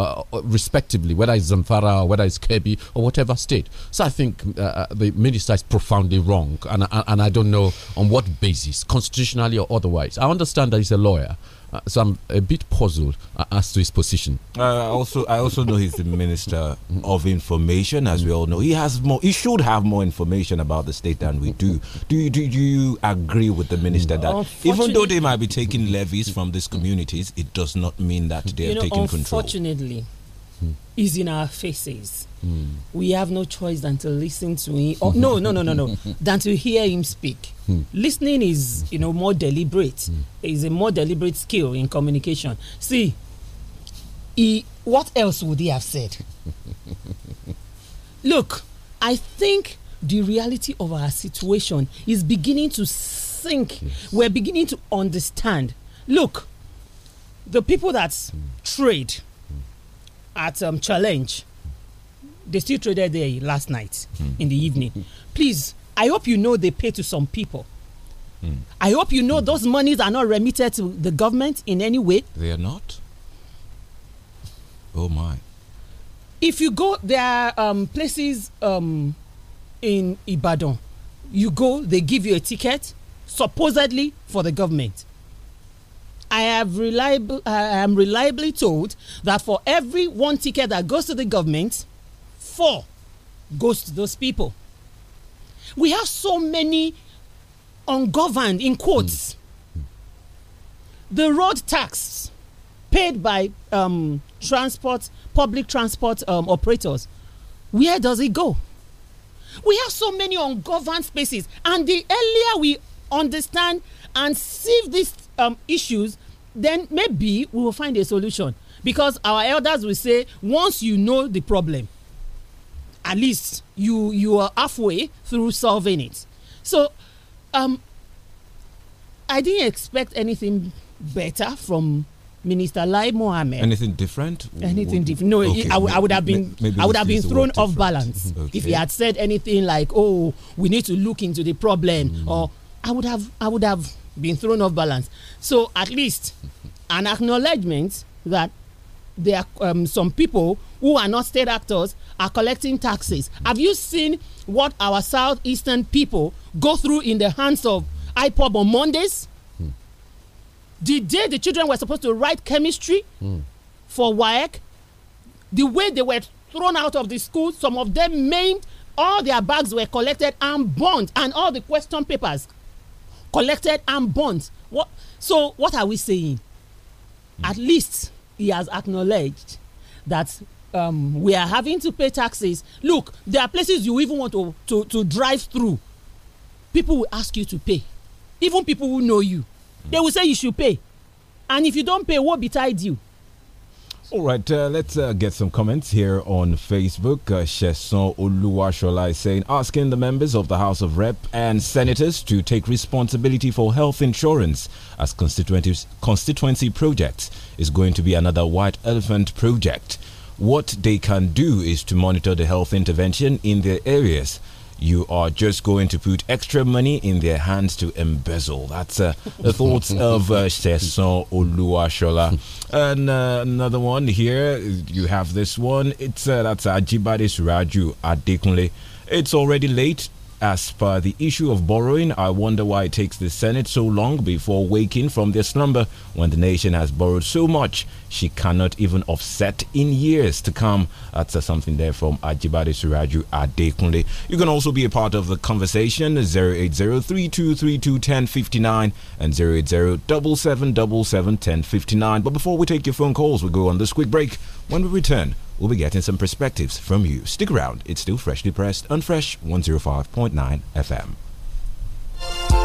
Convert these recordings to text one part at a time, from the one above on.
Uh, uh, respectively, whether it's Zamfara or whether it's Kirby or whatever state. So I think uh, uh the minister is profoundly wrong, and, and I don't know on what basis, constitutionally or otherwise. I understand that he's a lawyer. Uh, so I'm a bit puzzled uh, as to his position. Uh, I also, I also know he's the minister of information, as we all know. He has more. He should have more information about the state than we do. Do you do, you agree with the minister that even though they might be taking levies from these communities, it does not mean that they you are know, taking unfortunately, control? Unfortunately, mm. is in our faces. Mm. We have no choice than to listen to him. Or, oh, no, no, no, no, no. than to hear him speak. Mm. Listening is, you know, more deliberate. Hmm. Is a more deliberate skill in communication. See, he, what else would he have said? Look, I think the reality of our situation is beginning to sink. Yes. We're beginning to understand. Look, the people that hmm. trade at um, Challenge. They still traded there last night mm. in the evening. Please, I hope you know they pay to some people. Mm. I hope you know mm. those monies are not remitted to the government in any way. They are not. Oh my. If you go, there are um, places um, in Ibadan. You go, they give you a ticket, supposedly for the government. I have reliable, I am reliably told that for every one ticket that goes to the government, four goes to those people. We have so many ungoverned, in quotes. Mm. The road tax paid by um, transport, public transport um, operators, where does it go? We have so many ungoverned spaces, and the earlier we understand and sieve these um, issues, then maybe we will find a solution because our elders will say once you know the problem at least you you are halfway through solving it so um i didn't expect anything better from minister lai mohammed anything different anything different no okay. I, I would have been Maybe i would have been thrown off balance okay. if he had said anything like oh we need to look into the problem mm. or i would have i would have been thrown off balance. So at least an acknowledgement that there are um, some people who are not state actors are collecting taxes. Have you seen what our southeastern people go through in the hands of IPOB on Mondays? Hmm. The day the children were supposed to write chemistry mm. for WAEC, the way they were thrown out of the school, some of them maimed, all their bags were collected and burned, and all the question papers collected and burnt what so what are we saying at least he has acknowledged that um, we are having to pay taxes look there are places you even want to to to drive through people will ask you to pay even people who know you they will say you should pay and if you don't pay what betide you All right, uh, let's uh, get some comments here on Facebook. Uh, Sheson Oluwashola is saying, asking the members of the House of Rep and senators to take responsibility for health insurance as constituency projects is going to be another white elephant project. What they can do is to monitor the health intervention in their areas you are just going to put extra money in their hands to embezzle. That's uh, the thoughts of uh, Seson Oluwashola. And uh, another one here, you have this one. It's uh, that's Ajibade Suraju Adekunle. It's already late as per the issue of borrowing, I wonder why it takes the Senate so long before waking from their slumber when the nation has borrowed so much she cannot even offset in years to come. That's uh, something there from Ajibade Suraju Adekunle. You can also be a part of the conversation 08032321059 and 08077771059. But before we take your phone calls, we will go on this quick break. When we return, we'll be getting some perspectives from you. Stick around, it's still freshly pressed on Fresh 105.9 FM.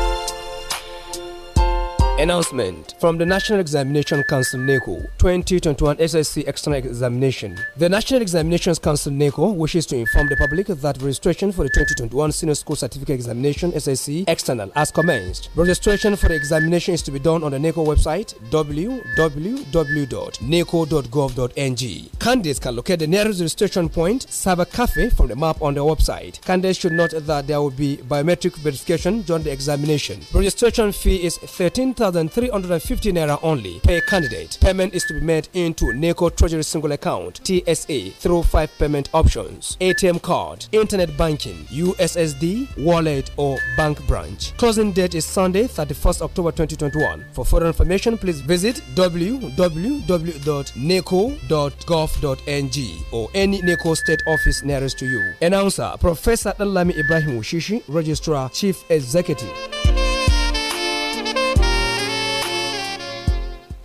Announcement from the National Examination Council NECO 2021 SSC External Examination. The National Examinations Council NECO wishes to inform the public that registration for the 2021 Senior School Certificate Examination SSC External has commenced. Registration for the examination is to be done on the NECO website www.neco.gov.ng. Candidates can locate the nearest registration point, Cyber Cafe, from the map on the website. Candidates should note that there will be biometric verification during the examination. Registration fee is 13,000 than 350 naira only per candidate. Payment is to be made into NECO Treasury Single Account TSA through five payment options: ATM card, internet banking, USSD, wallet, or bank branch. Closing date is Sunday, 31st October 2021. For further information, please visit www.neco.gov.ng or any NECO state office nearest to you. Announcer Professor Alami Ibrahim Ushishi, Registrar Chief Executive.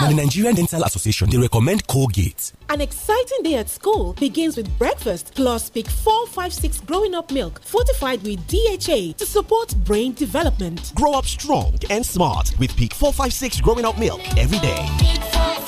now, the Nigerian Dental Association, they recommend Colgate. An exciting day at school begins with breakfast plus Peak 456 growing up milk fortified with DHA to support brain development. Grow up strong and smart with Peak 456 growing up milk every day.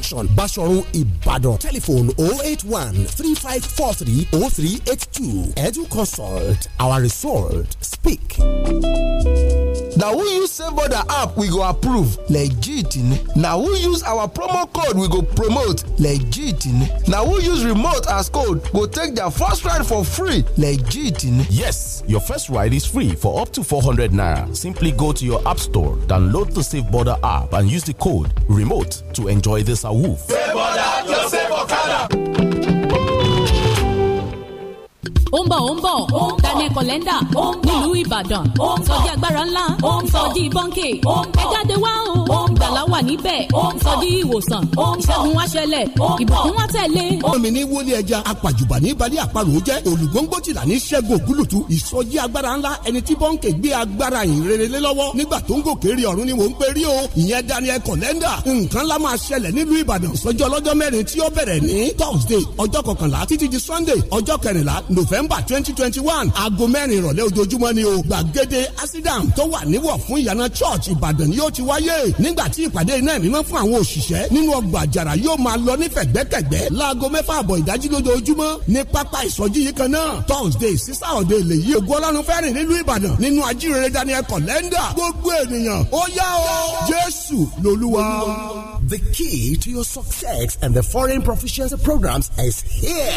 junction Basharun Ibadan telephone 081 3543 0382 edu consult our result speak. Now who use save border app we go approve legit Now who use our promo code we go promote legit Now who use remote as code go take their first ride for free legit yes your first ride is free for up to 400 naira simply go to your app store download the save border app and use the code remote to enjoy this app Sebo la, kyo sebo kada Ou ó ń bọ̀ ó ń bọ̀ daniel kọlẹ́ndà nílùú ìbàdàn sọjí agbára ńlá sọjí bọ́ńkè ẹ jáde wá o gbàlá wà níbẹ̀ sọjí ìwòsàn ìṣẹ́gun wá ṣẹlẹ̀ ìbùkún wá tẹ̀lé. omi ní wọlé ẹja apàjùbà ní balẹ̀ àparò jẹ́ olùgbòǹgbò tìlà ní ṣẹ́gun ògúlùtù ìsọjí agbára ńlá ẹni tí bọ́ńkè gbé agbára ìrere lọ́wọ́ nígbà tó ń gòkè rí ọ̀run ni mò ń pè rí o ìyẹn daniel kọlẹ́ndà nǹkan la máa ṣẹlẹ̀ nílùú ìbàdàn sọjí ọlọ́jọ́ mẹ́rin tí ó di sunday ọjọ́ kẹrìnlá n november twenty twenty one aago mẹ́rin ìrọ̀lẹ́ ojoojúmọ́ ni o gbàgede asidam tó wà níwọ̀ fún ìyànà church ìbàdàn ni yóò ti wáyé nígbà tí ìpàdé iná ìmímọ́ fún àwọn òṣìṣẹ́ nínú ọgbà àjàrà yóò máa lọ ní fẹ̀gbẹ́kẹ̀gbẹ́ láago mẹ́fà àbọ̀ ìdájí lójoojúmọ́ ní pápá ìsọjí yìí kan náà thursday sísá ọ̀dẹ ògo ọlọ́run fẹ́rìn nílùú ìbàdàn nínú The key to your success and the foreign proficiency programs is here.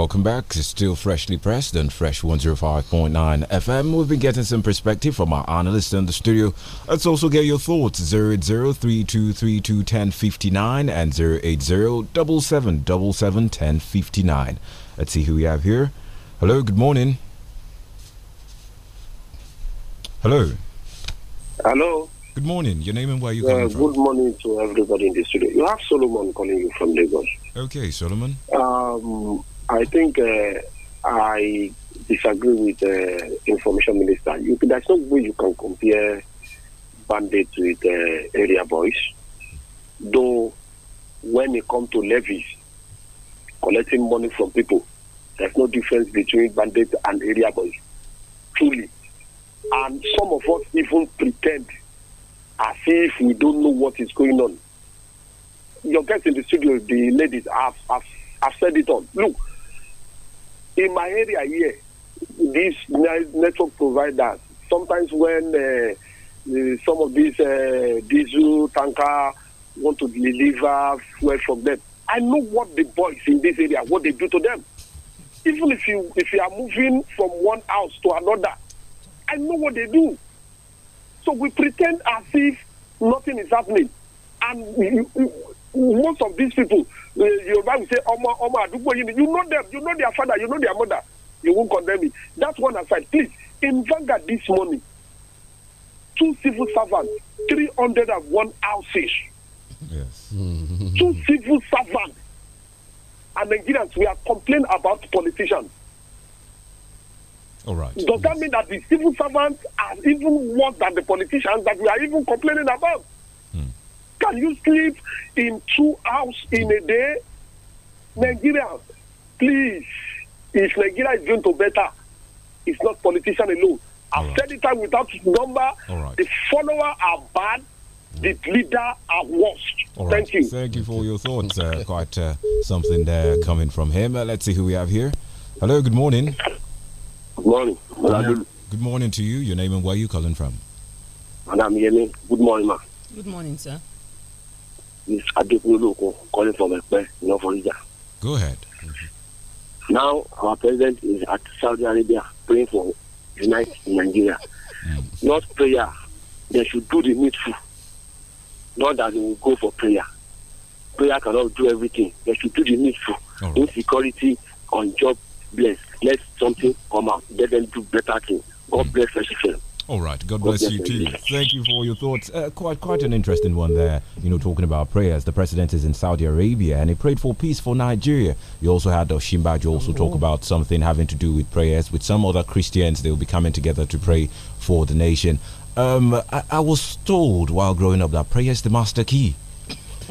welcome back. It's still freshly pressed and fresh 105.9 FM. We've been getting some perspective from our analysts in the studio. Let's also get your thoughts 08032321059 and 08077771059. Let's see who we have here. Hello, good morning. Hello. Hello. Good morning. Your name and where you yeah, coming from? Good morning to everybody in the studio. You have Solomon calling you from Lagos. Okay, Solomon. Um, I think uh, I disagree with the information minister. You, there's no way you can compare bandits with uh, area boys. Though when it comes to levies, collecting money from people, there's no difference between bandits and area boys. Truly. And some of us even pretend as if we don't know what is going on. Your are in the studio, the ladies, have, have, have said it all. Look, in my area here, these network providers, sometimes when uh, uh, some of these uh, diesel tanker want to deliver fuel from them, I know what the boys in this area, what they do to them. Even if you if you are moving from one house to another, I know what they do. So we pretend as if nothing is happening, and you, you, most of these people Yoruba will say, Oma, Oma, you know them, you know their father, you know their mother. You won't condemn me. That's one aside. Please, in Vanguard this morning, two civil servants, 301 houses. Yes. two civil servants. And Nigerians, we are complaining about politicians. All right. Does yes. that mean that the civil servants are even worse than the politicians that we are even complaining about? Hmm. Can you sleep in two hours in a day? Nigeria? please, if Nigeria is going to better, it's not politician alone. I've right. said it time without number. Right. The follower are bad. The leader are worst. Right. Thank you. Thank you for your thoughts. Uh, quite uh, something there coming from him. Uh, let's see who we have here. Hello. Good morning. Good morning. Good, good morning to you. Your name and where you calling from? Madam Yemi. Good morning, ma. Good morning, sir calling Go ahead. Mm-hmm. Now our president is at Saudi Arabia praying for unite Nigeria. Mm. Not prayer. They should do the needful. Not that they will go for prayer. Prayer cannot do everything. They should do the needful. Right. Insecurity on job bless. Let something come out. Let them do better things. God mm. bless Nigeria. All right. God bless you too. Thank you for your thoughts. Uh, quite quite an interesting one there. You know, talking about prayers. The president is in Saudi Arabia and he prayed for peace for Nigeria. You also had Oshimbaji also talk oh. about something having to do with prayers. With some other Christians, they will be coming together to pray for the nation. Um, I, I was told while growing up that prayer is the master key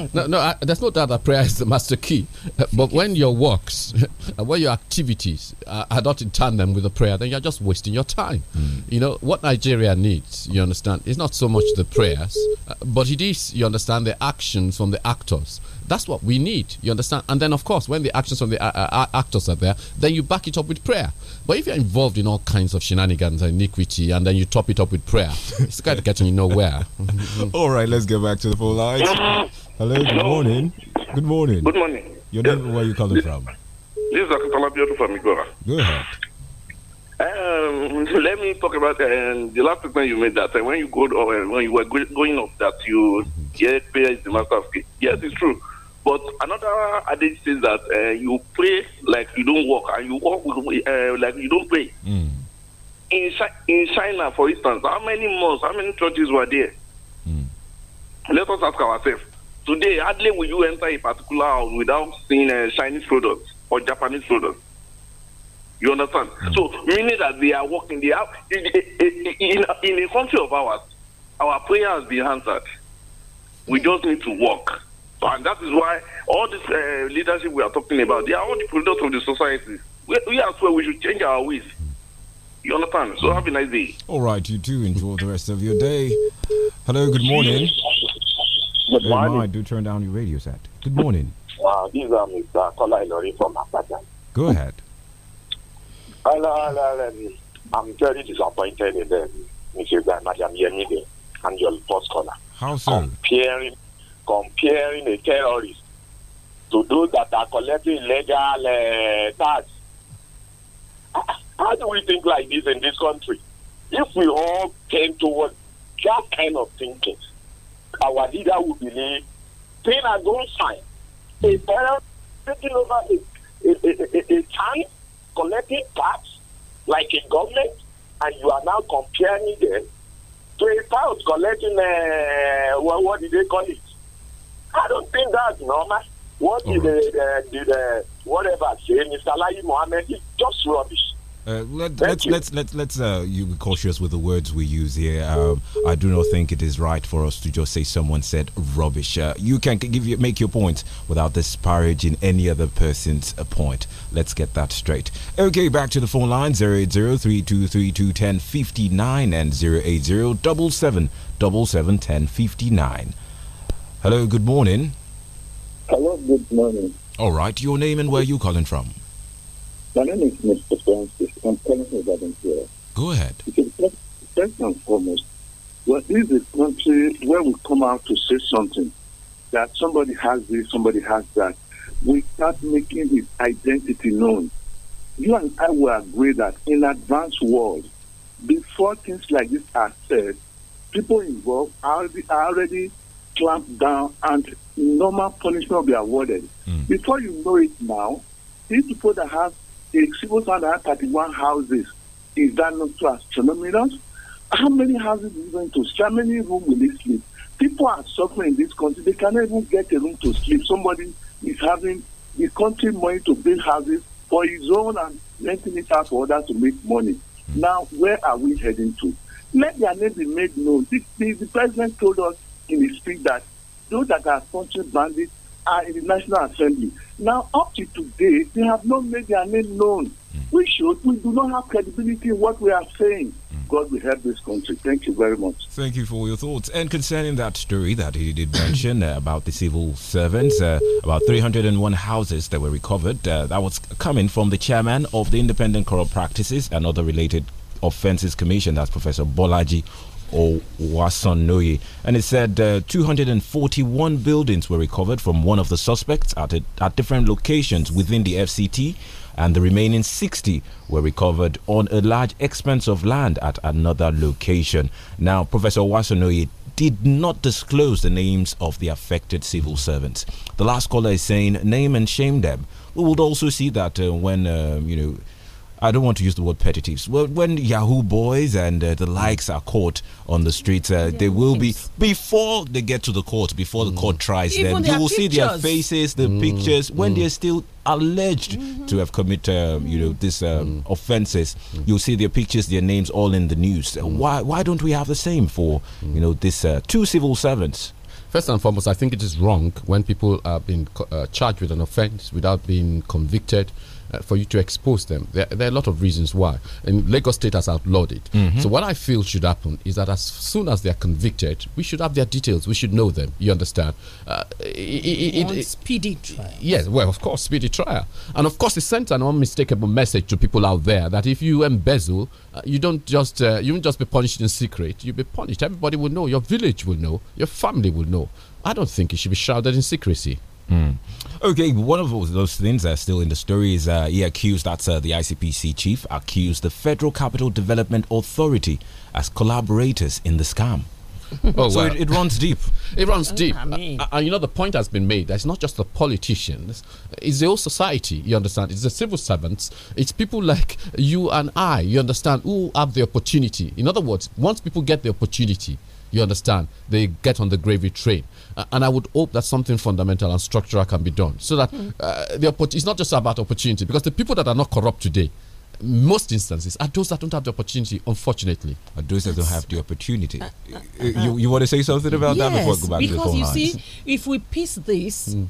no, no, I, there's no doubt that prayer is the master key. Uh, but when your works, uh, when your activities are, are not in tandem with the prayer, then you're just wasting your time. Mm. You know, what Nigeria needs, you understand, is not so much the prayers, uh, but it is, you understand, the actions from the actors. That's what we need. You understand? And then, of course, when the actions from the uh, actors are there, then you back it up with prayer. But if you're involved in all kinds of shenanigans and iniquity, and then you top it up with prayer, it's kind of getting you nowhere. all right, let's get back to the full lines. Hello, good Hello. morning. Good morning. Good morning. Your yes. name, where are you calling from? This is Akitala Biodu from Igora. Go ahead. Um, let me talk about uh, the last time you made that uh, when you go uh, when you were going up that you get mm-hmm. paid is the master of faith. Yes, it's true. But another adage says that uh, you pray like you don't work and you work uh, like you don't pray. Mm. In, in China, for instance, how many mosques, how many churches were there? Mm. Let us ask ourselves. Today, hardly will you enter a particular house without seeing a Chinese product or Japanese product. You understand? Mm So, meaning that they are working, they are in, in, in, a country of ours, our prayer has been answered. We hmm. just need to work. And that is why all this uh, leadership we are talking about, they are all the products of the society. We, we are where we should change our ways. You understand? So, hmm. have a nice day. All right, you too. Enjoy the rest of your day. Hello, good morning. Good hey, morning. Ma, do turn down your radio set. Good morning. Wow, this is um, Mr. Kola Ilori from Akpata. Go ahead. Hello, hello, um, I'm very disappointed in them, Mr. Madam Yemide, and your first caller. How so? Comparing, comparing a terrorist to those that are collecting legal uh, tax. How do we think like this in this country? If we all came towards that kind of thinking, our leader will believe things a good sign. A parent taking over a, a, a, a, time, collecting tax like a government, and you are now comparing them to a town collecting, a uh, what, what they call it? I don't think that's normal. What did right. the, the, uh, the, uh, whatever say, Mr. Lai Mohammed, is just rubbish. Uh, let, let's, you. let's let's let's uh, you be cautious with the words we use here. Um, I do not think it is right for us to just say someone said rubbish. Uh, you can give you make your point without disparaging any other person's uh, point. Let's get that straight. Okay, back to the phone line zero eight zero three two three two ten fifty nine and zero eight zero double seven double seven ten fifty nine. Hello, good morning. Hello, good morning. All right, your name and where you calling from? My name is Mr. Francis. I'm calling from Valenzuela. Go ahead. Because first and foremost, when this country where we come out to say something that somebody has this, somebody has that. We start making his identity known. You and I will agree that in advanced world, before things like this are said, people involved are already, already clamped down and normal punishment will be awarded. Mm. Before you know it now, these people that have the civil had 31 houses. Is that not too astronomical? How many houses is going to sleep? How many rooms will they sleep? People are suffering in this country. They cannot even get a room to sleep. Somebody is having the country money to build houses for his own and renting it out for others to make money. Now, where are we heading to? Let their name be made known. The, the, the president told us in his speech that those that are country bandits are in the National Assembly. Now, up to today, they have not made their name known. Hmm. We should. We do not have credibility in what we are saying. Hmm. God will help this country. Thank you very much. Thank you for your thoughts. And concerning that story that he did mention uh, about the civil servants, uh, about 301 houses that were recovered, uh, that was coming from the chairman of the Independent Corrupt Practices and other related offences commission that's professor bolaji Owasanoye. And it said uh, 241 buildings were recovered from one of the suspects at, a, at different locations within the FCT, and the remaining 60 were recovered on a large expanse of land at another location. Now, Professor Owasanoye did not disclose the names of the affected civil servants. The last caller is saying, name and shame them. We would also see that uh, when, uh, you know, I don't want to use the word petty Well, when Yahoo boys and uh, the mm. likes are caught on the streets, uh, they will be before they get to the court, before the mm. court tries Even them. You will pictures. see their faces, the mm. pictures when mm. they're still alleged -hmm. to have committed, um, uh, you know, these um, mm. offences. You'll see their pictures, their names, all in the news. Why? Why don't we have the same for you know these uh, two civil servants? First and foremost, I think it is wrong when people are being uh, charged with an offence without being convicted uh, for you to expose them. There, there, are a lot of reasons why, and Lagos State has outlawed it. Mm -hmm. So what I feel should happen is that as soon as they are convicted, we should have their details. We should know them. You understand? Uh, it, it, it, speedy trial. Yes, well, of course, speedy trial, and of course, it sent an unmistakable message to people out there that if you embezzle, uh, you don't just uh, you won't just be punished in secret. You'll be punished. Everybody will know. Your village will know. Your family will know. I don't think it should be shrouded in secrecy. Mm. Okay, one of those things that's still in the story is uh, he accused that uh, the ICPC chief accused the Federal Capital Development Authority as collaborators in the scam. Oh, so well. it, it, runs deep. It runs oh, deep. I mean. Uh, and you know, the point has been made that it's not just the politicians, it's the whole society, you understand? It's the civil servants, it's people like you and I, you understand, who have the opportunity. In other words, once people get the opportunity, you understand? They get on the gravy train. Uh, and I would hope that something fundamental and structural can be done so that hmm. uh, the it's not just about opportunity because the people that are not corrupt today, most instances are those that don't have the opportunity, unfortunately. Are those that don't have the opportunity. Uh, uh, uh, uh you, you want to say something about yes, that before I go back because to the phone you lines? see, if we piece this mm.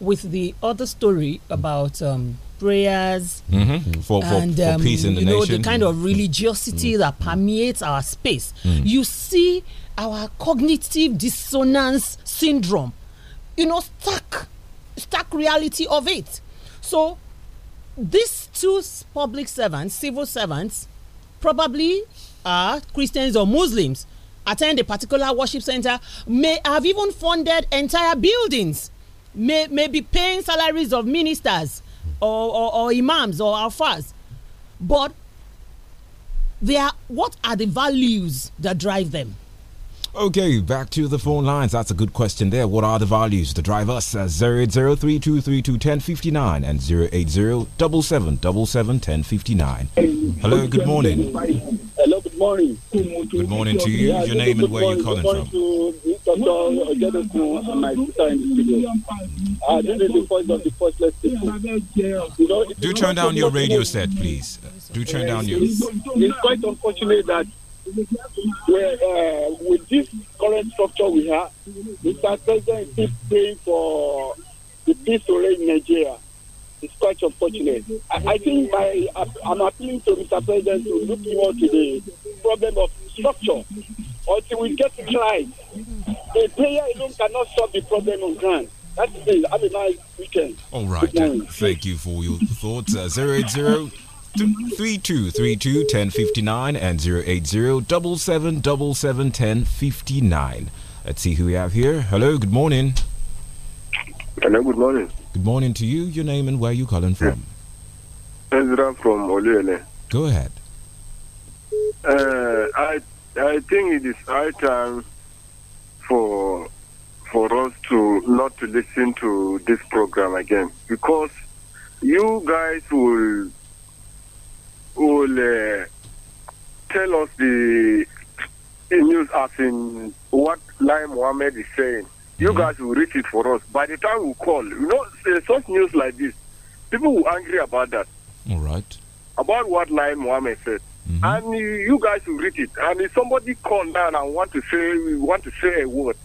with the other story about um, prayers mm-hmm. for, for, and, um, for peace in the you know, the kind of religiosity mm-hmm. that permeates our space. Mm. You see our cognitive dissonance syndrome, you know, stuck, stuck reality of it. So these two public servants, civil servants, probably are Christians or Muslims, attend a particular worship center, may have even funded entire buildings, may, may be paying salaries of ministers, or, or, or imams or alfas. But they are, what are the values that drive them? Okay, back to the phone lines. That's a good question there. What are the values that drive us? Uh, 08032321059 and 08077771059. Hello, good morning. Hello, morning. Good morning to you. Your name and where you're calling from. Ah, Do turn down your radio set, please. Do turn down your... It's quite unfortunate that uh, with this current structure we have, Mr. President is praying for the peace to reign in Nigeria. It's quite unfortunate. I, I think by, I'm appealing to Mr. President to look more to the problem of structure until we get to try, the player alone cannot solve the problem on ground. That's it. Have a nice weekend. All right. Thank you for your thoughts. Uh, and zero eight zero Let's see who we have here. Hello, good morning. Hello, good morning. Good morning to you. Your name and where you calling from? Ezra from Olele. Go ahead. Uh, I I think it is high time for for us to not to listen to this program again because you guys will will uh, tell us the news as in what Lai Mohammed is saying. You mm-hmm. guys will reach it for us. By the time we call, you know, eh, such news like this, people will angry about that. All right. About what line Mohammed said. Mm -hmm. And you, eh, you, guys will read it. And if somebody call down and want to say we want to say a word,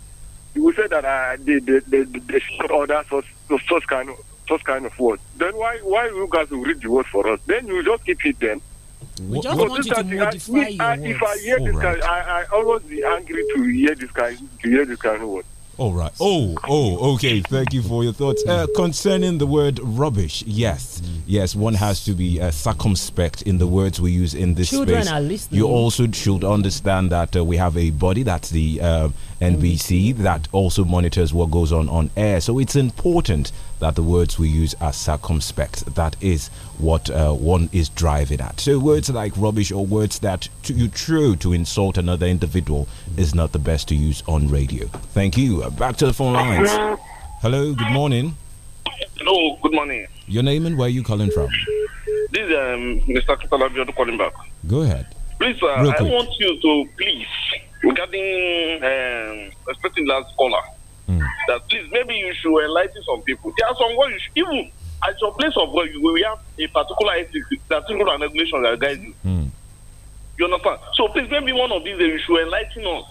you will say that uh, they they they, they should order such, such kind of such kind of word. Then why why you guys will read the word for us? Then you just keep it then. We just so want you to modify I, I, If I hear All this right. guy, I, I always be angry to hear this guy to hear this kind of word. All right. Oh, oh, okay. Thank you for your thoughts. Uh, concerning the word rubbish, yes. Mm. Yes, one has to be uh, circumspect in the words we use in this Children space. Are listening. You also should understand that uh, we have a body, that's the uh, NBC, mm. that also monitors what goes on on air. So it's important that the words we use are circumspect. That is what uh, one is driving at. So words like rubbish or words that you true to insult another individual is not the best to use on radio. Thank you. Uh, back to the phone lines. Hello. Good morning. Hello. Good morning. Your name and where you calling from? This is um, Mr. Kitalabi calling back. Go ahead. Please, uh, I want you to please regarding um, respecting last caller. Mm. That please, maybe you should enlighten some people. There are some where you should, even at your place of work, you will have a particular ethics, that regulation that guides you. Mm. You understand? So please, maybe one of these days you should enlighten us.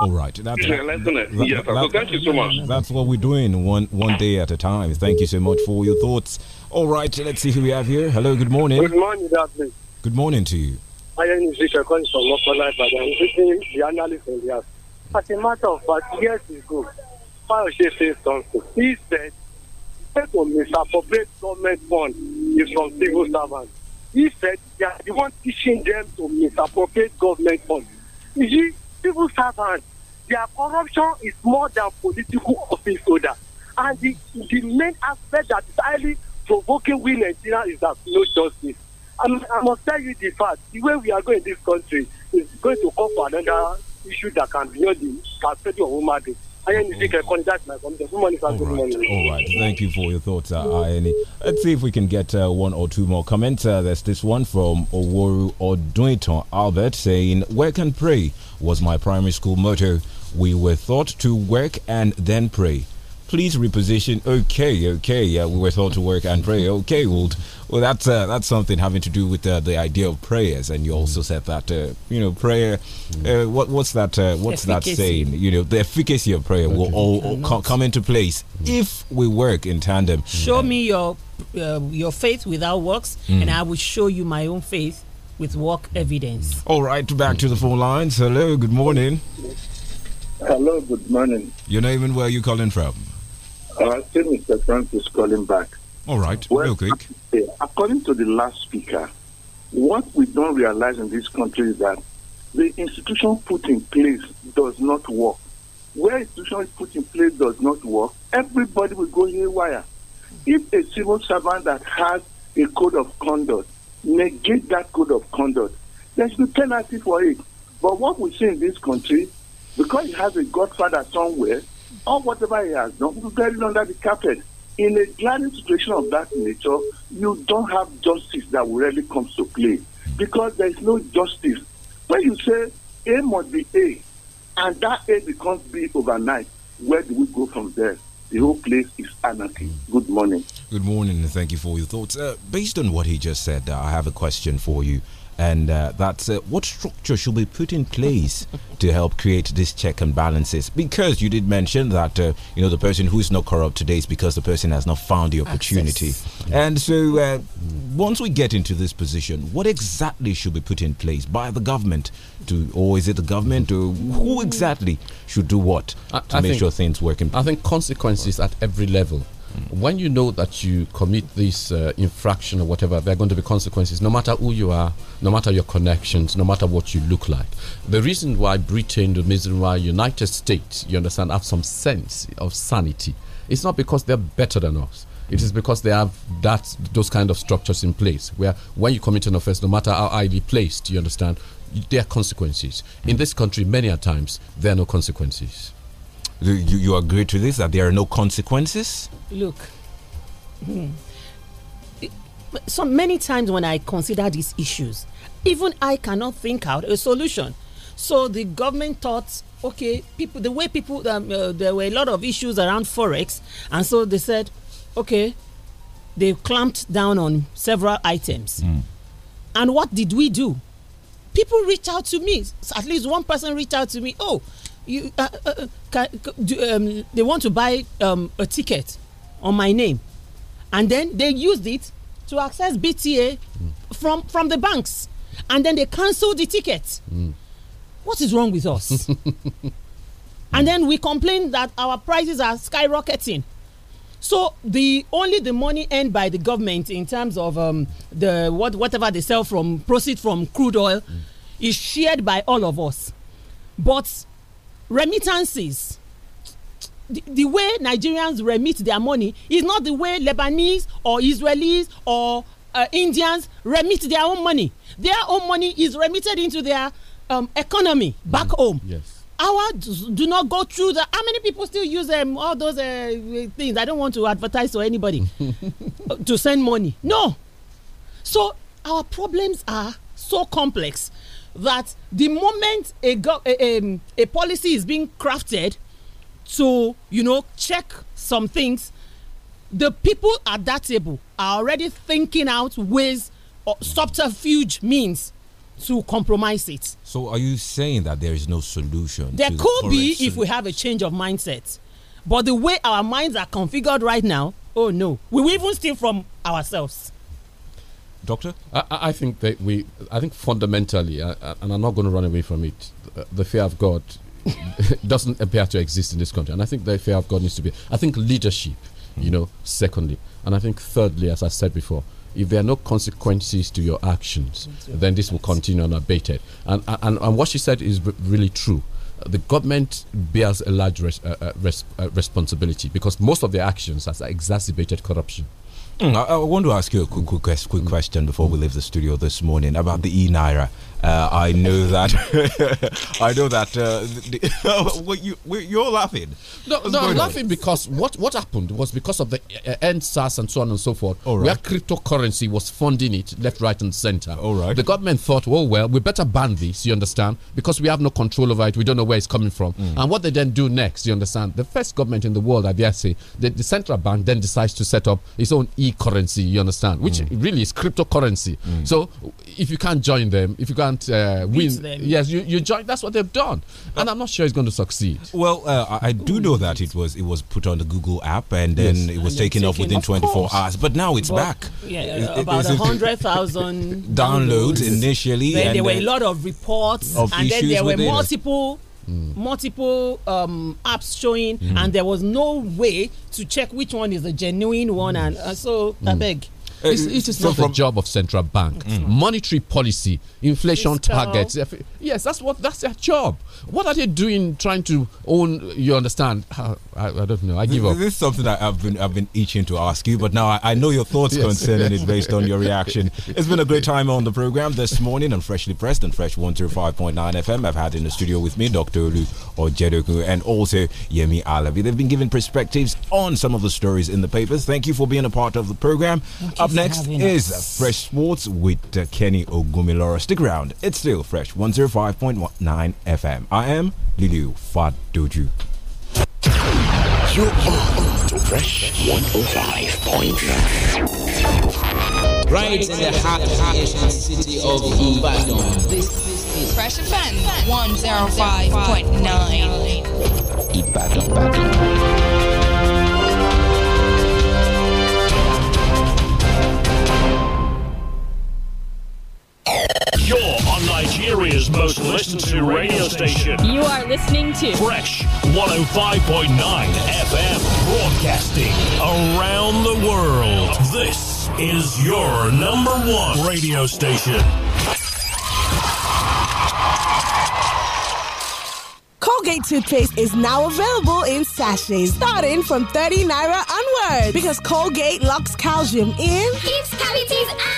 All right. That's, yeah, that, that, yes, that, thank you so much. That's what we're doing one one day at a time. Thank you so much for your thoughts. All right, let's see who we have here. Hello, good morning. Good morning, Dadley. Good morning to you. My name is Richard Collins from Local Life, I'm the analyst on As a matter of fact, years ago, Fayose said something. He said, instead of misappropriate government funds is from civil servants. He said they are the ones teaching them to misappropriate government funds. You see, civil servants, their corruption is more than political office holder. And the, the main aspect that is highly provoking we Nigerians is that no justice. I, I must tell you the fact, the way we are going this country is going to come for another issue that can be the custody of woman day. All right. All right. Thank you for your thoughts, uh, Ayeni. Let's see if we can get uh, one or two more comments. Uh, there's this one from Oworu Odoiton Albert saying, Work and pray was my primary school motto. We were taught to work and then pray please reposition. Okay, okay, yeah, we were thought to work and pray. Okay, well, well that's uh, that's something having to do with uh, the idea of prayers. And you also said that uh, you know prayer. Mm. Uh, what what's that? Uh, what's efficacy. that saying? You know, the efficacy of prayer will all, all come into place mm. if we work in tandem. Show me your um, your faith without works, mm. and I will show you my own faith with work evidence. All right, back to the phone lines. Hello, good morning. Hello, good morning. Your name and where are you calling from? Uh, Mr. Frank is calling back. All right, well, real quick. According to the last speaker, what we don't realize in this country is that the institution put in place does not work. Where institution is put in place does not work, everybody will go haywire. If a civil servant that has a code of conduct negate that code of conduct, there is no penalty for it. But what we see in this country, because it has a godfather somewhere, or whatever he has done, buried under the carpet. In a glaring situation of that nature, you don't have justice that really comes to play because there is no justice. When you say A must be A, and that A becomes B overnight, where do we go from there? The whole place is anarchy. Good morning. Good morning, and thank you for your thoughts. Uh, based on what he just said, uh, I have a question for you and uh, that's uh, what structure should be put in place to help create these check and balances because you did mention that uh, you know the person who is not corrupt today is because the person has not found the opportunity Access. and so uh, once we get into this position what exactly should be put in place by the government to or is it the government or who exactly should do what to I, I make sure things work in i think consequences at every level when you know that you commit this uh, infraction or whatever, there are going to be consequences, no matter who you are, no matter your connections, no matter what you look like. The reason why Britain, the reason why United States, you understand, have some sense of sanity, it's not because they're better than us. It is because they have that those kind of structures in place where when you commit an offense, no matter how highly placed, you understand, there are consequences. In this country, many a times there are no consequences. Do you, you agree to this that there are no consequences? Look, hmm. so many times when I consider these issues, even I cannot think out a solution. So the government thought, okay, people, the way people, um, uh, there were a lot of issues around forex, and so they said, okay, they clamped down on several items. Mm. And what did we do? People reached out to me. At least one person reached out to me. Oh, you, uh, uh, uh, can, do, um, they want to buy um, a ticket on my name, and then they used it to access BTA mm. from from the banks, and then they canceled the ticket. Mm. What is wrong with us? and then we complain that our prices are skyrocketing. So the only the money earned by the government in terms of um, the what whatever they sell from proceed from crude oil mm. is shared by all of us. But remittances the, the way nigerians remit their money is not the way lebanese or israelis or uh, indians remit their own money their own money is remitted into their um, economy back mm. home yes our do not go through the how many people still use um, all those uh, things i don't want to advertise to anybody to send money no so our problems are so complex that the moment a, go, a, a, um, a policy is being crafted to you know check some things the people at that table are already thinking out ways or uh, subterfuge means to compromise it. So are you saying that there is no solution? There could be if we have a change of mindset. But the way our minds are configured right now, oh no, we will even steal from ourselves. Doctor? I, I think that we, I think fundamentally, I, uh, I, uh, and I'm not going to run away from it, the, uh, the fear of God doesn't appear to exist in this country. And I think the fear of God needs to be, I think leadership, mm. you know, secondly. And I think thirdly, as I said before, if there are no consequences to your actions, then this will continue unabated. And, and, and what she said is really true the government bears a large res uh, res uh, responsibility because most of their actions has exacerbated corruption. Mm, I, I, want to ask you a quick, quick, quick question before we leave the studio this morning about the e naira. Uh, I know that. I know that. Uh, the, well, you, you're laughing. No, no, I'm laughing because what, what happened was because of the uh, SARS and so on and so forth, All right. where cryptocurrency was funding it left, right, and center. All right. The government thought, oh, well, we better ban this, you understand, because we have no control over it. We don't know where it's coming from. Mm. And what they then do next, you understand, the first government in the world, I dare say, the, the central bank then decides to set up its own e currency, you understand, which mm. really is cryptocurrency. Mm. So if you can't join them, if you can't can't uh, win. Them. Yes, you, you join. That's what they've done, and I'm not sure it's going to succeed. Well, uh, I, I do know that it was it was put on the Google app, and then yes. it was taken, taken off within of 24 course. hours. But now it's but, back. Yeah, it, about hundred thousand downloads, initially. Then there were a lot of reports, of and then there were multiple. Mm. multiple um, apps showing, mm. and there was no way to check which one is a genuine one. Mm. And uh, so, I hmm. beg. It's, it is not the job of central bank. Mm. Monetary policy, inflation targets. Yes, that's what that's their job. What are they doing trying to own? You understand? I, I don't know. I give this, up. This is something that I've been I've been itching to ask you, but now I, I know your thoughts yes. concerning it based on your reaction. It's been a great time on the program this morning on Freshly Pressed and Fresh One Two oh Five Point Nine FM. I've had in the studio with me Dr. Olu Ojedoku and also Yemi Alavi. They've been giving perspectives on some of the stories in the papers. Thank you for being a part of the program. Up next is us. Fresh Sports with uh, Kenny Ogumiloro. Stick around. It's still Fresh 105.9 FM. I am Liliu Fadoju. You are on Fresh 105.9. Right in the heart of the city of Ibadan. This is Fresh FM 105.9. Ibadan. Ibadan. You're on Nigeria's most listened to radio station. You are listening to Fresh 105.9 FM broadcasting around the world. This is your number one radio station. Colgate toothpaste is now available in sachets, starting from 30 naira onward. Because Colgate locks calcium in, keeps cavities out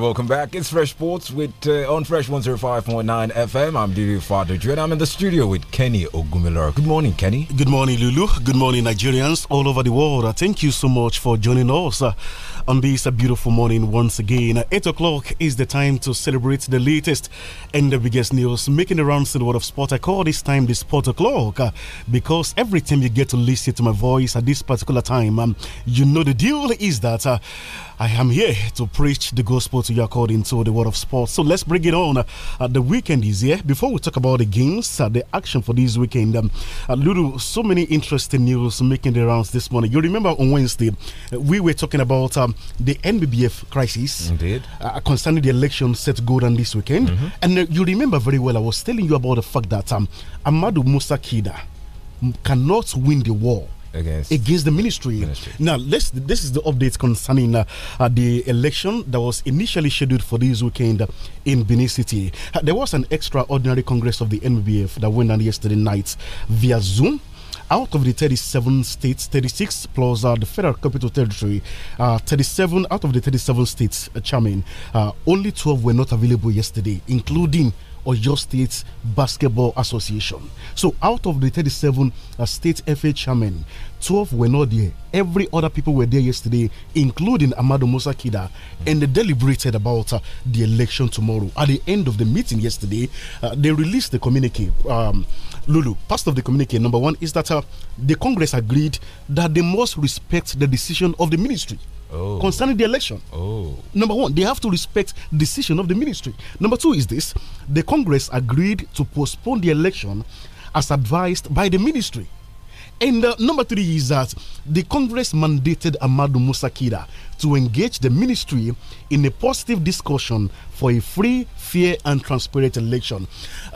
welcome back. It's Fresh Sports with uh, on Fresh 105.9 FM. I'm Dudu Fadoju and I'm in the studio with Kenny Ogumilor. Good morning, Kenny. Good morning, Lulu. Good morning, Nigerians all over the world. Uh, thank you so much for joining us uh, on this uh, beautiful morning once again. Uh, 8 o'clock is the time to celebrate the latest and the biggest news making the rounds in the world of sport. I call this time the Sport O'Clock uh, because every time you get to listen to my voice at this particular time, um, you know the deal is that. I am here to preach the gospel to you according to the word of sports. So let's bring it on. Uh, the weekend is here. Before we talk about the games, uh, the action for this weekend, um, uh, Ludo, so many interesting news making the rounds this morning. You remember on Wednesday, uh, we were talking about um, the NBBF crisis. Indeed. Uh, concerning the election set to go down this weekend. Mm -hmm. And uh, you remember very well, I was telling you about the fact that um, Amadou Musa Kida cannot win the war against against the ministry. ministry. Now, let's. This is the update concerning uh, uh, the election that was initially scheduled for this weekend in Benin City. Uh, there was an extraordinary congress of the NBF that went on yesterday night via Zoom out of the 37 states, 36 plus uh, the federal capital territory, uh, 37 out of the 37 states, uh, chairman, uh, only 12 were not available yesterday, including Oyo State Basketball Association. So out of the 37 uh, state FA chairmen, 12 were not there. Every other people were there yesterday, including Amado Musakida, and they deliberated about uh, the election tomorrow. At the end of the meeting yesterday, uh, they released the communique. Um, Lulu, part of the communique number one is that uh, the Congress agreed that they must respect the decision of the ministry oh. concerning the election. Oh. Number one, they have to respect decision of the ministry. Number two is this: the Congress agreed to postpone the election as advised by the ministry. And uh, number three is that the Congress mandated Amadou Musakira to engage the ministry in a positive discussion for a free, fair, and transparent election.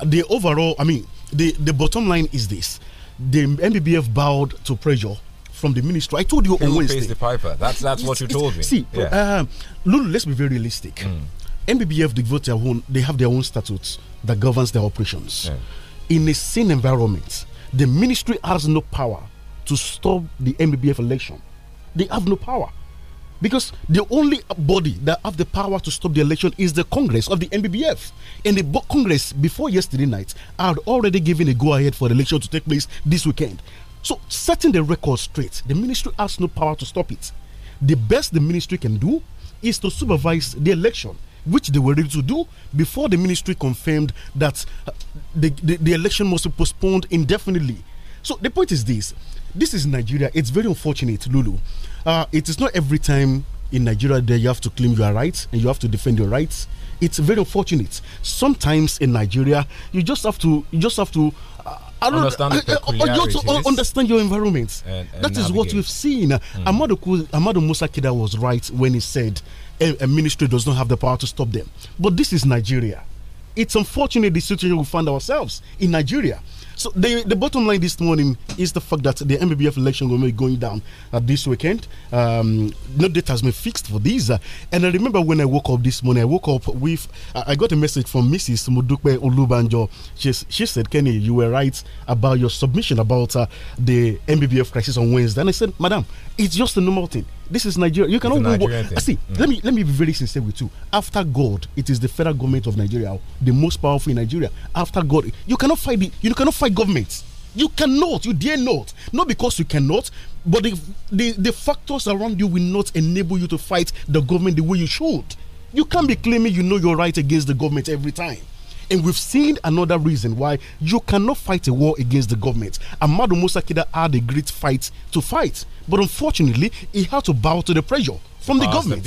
The overall, I mean, the, the bottom line is this the MBBF bowed to pressure from the ministry. I told you on Wednesday. the piper? That's that's what you told me. See, yeah. um, Lulu, let's be very realistic. Mm. MBBF vote their own. They have their own statutes that governs their operations. Yeah. In a sane environment, the ministry has no power to stop the MBBF election. They have no power because the only body that have the power to stop the election is the congress of the mbbf and the congress before yesterday night had already given a go-ahead for the election to take place this weekend so, setting the record straight, the ministry has no power to stop it. The best the ministry can do is to supervise the election, which they were able to do before the ministry confirmed that uh, the, the, the election must be postponed indefinitely. So, the point is this this is Nigeria. It's very unfortunate, Lulu. Uh, it is not every time in Nigeria that you have to claim your rights and you have to defend your rights. It's very unfortunate. Sometimes in Nigeria, you just have to you just have to uh, I don't understand You understand your environment. And, and navigate. what we've seen. Mm. Amadu, Amadu Musa Kida was right when he said a, a, ministry does not have the power to stop them. But this is Nigeria. It's unfortunate the situation we find ourselves in Nigeria. So the the bottom line this morning is the fact that the MBBF election will be going down uh, this weekend. Um, no date has been fixed for this. Uh, and I remember when I woke up this morning, I woke up with uh, I got a message from Mrs. Mudukwe Olubanjo. She she said, Kenny, you were right about your submission about uh, the MBBF crisis on Wednesday. And I said, Madam, it's just a normal thing this is Nigeria. You cannot Nigeria ah, See, mm. let me let me be very sincere with you. After God, it is the federal government of Nigeria, the most powerful in Nigeria. After God, you cannot fight the you cannot fight governments. You cannot, you dare not. Not because you cannot, but the, the, the factors around you will not enable you to fight the government the way you should. You can't be claiming you know you're right against the government every time. And we've seen another reason why you cannot fight a war against the government. Amadu Musa had a great fight to fight, but unfortunately, he had to bow to the pressure from the government.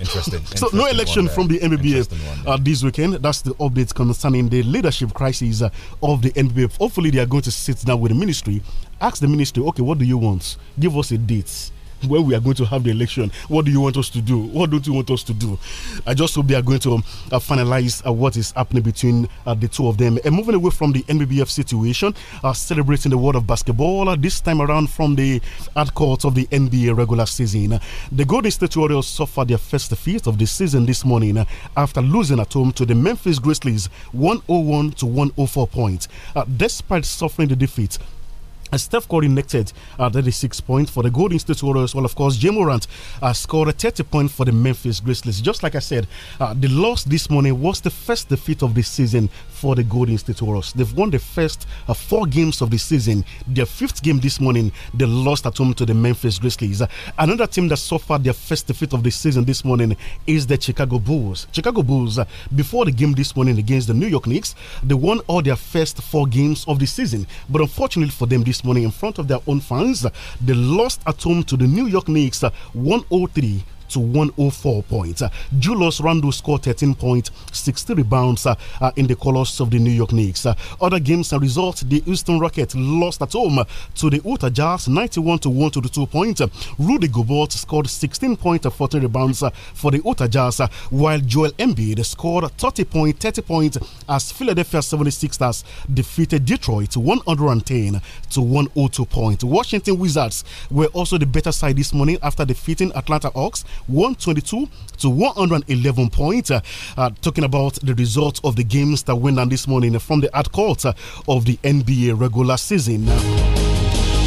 Interesting, interesting. so no election from the NBBF uh, this weekend. That's the update concerning the leadership crisis uh, of the NBBF. Hopefully, they are going to sit down with the ministry, ask the ministry, okay, what do you want? Give us a date when we are going to have the election, what do you want us to do? What don't you want us to do? I just hope they are going to uh, finalize uh, what is happening between uh, the two of them. And moving away from the NBBF situation, uh, celebrating the world of basketball, uh, this time around from the hard court of the NBA regular season. The Golden State Warriors suffered their first defeat of the season this morning uh, after losing at home to the Memphis Grizzlies 101 to 104 points. despite suffering the defeat, and Steph Curry netted uh, 36 points for the Golden State Warriors. Well, of course, Jay Morant uh, scored 30 points for the Memphis Grizzlies. Just like I said, uh, the loss this morning was the first defeat of the season for the Golden State Warriors. They've won the first uh, four games of the season. Their fifth game this morning, they lost at home to the Memphis Grizzlies. Uh, another team that suffered their first defeat of the season this morning is the Chicago Bulls. Chicago Bulls, uh, before the game this morning against the New York Knicks, they won all their first four games of the season. But unfortunately for them this morning in front of their own fans. They lost at home to the New York Knicks uh, 103 to 104 points. Uh, Julius Randle scored 13 points, 60 rebounds uh, uh, in the colors of the New York Knicks. Uh, other games and results the Houston Rockets lost at home uh, to the Utah Jazz 91 to 1 to the 2 points. Uh, Rudy Gobert scored 16 points, 14 rebounds for the Utah Jazz, while Joel Embiid scored 30 points, 30 points as Philadelphia 76ers defeated Detroit 110 to 102 points. Washington Wizards were also the better side this morning after defeating Atlanta Hawks 122 to 111 points. Uh, uh, talking about the results of the games that went on this morning from the ad court uh, of the NBA regular season.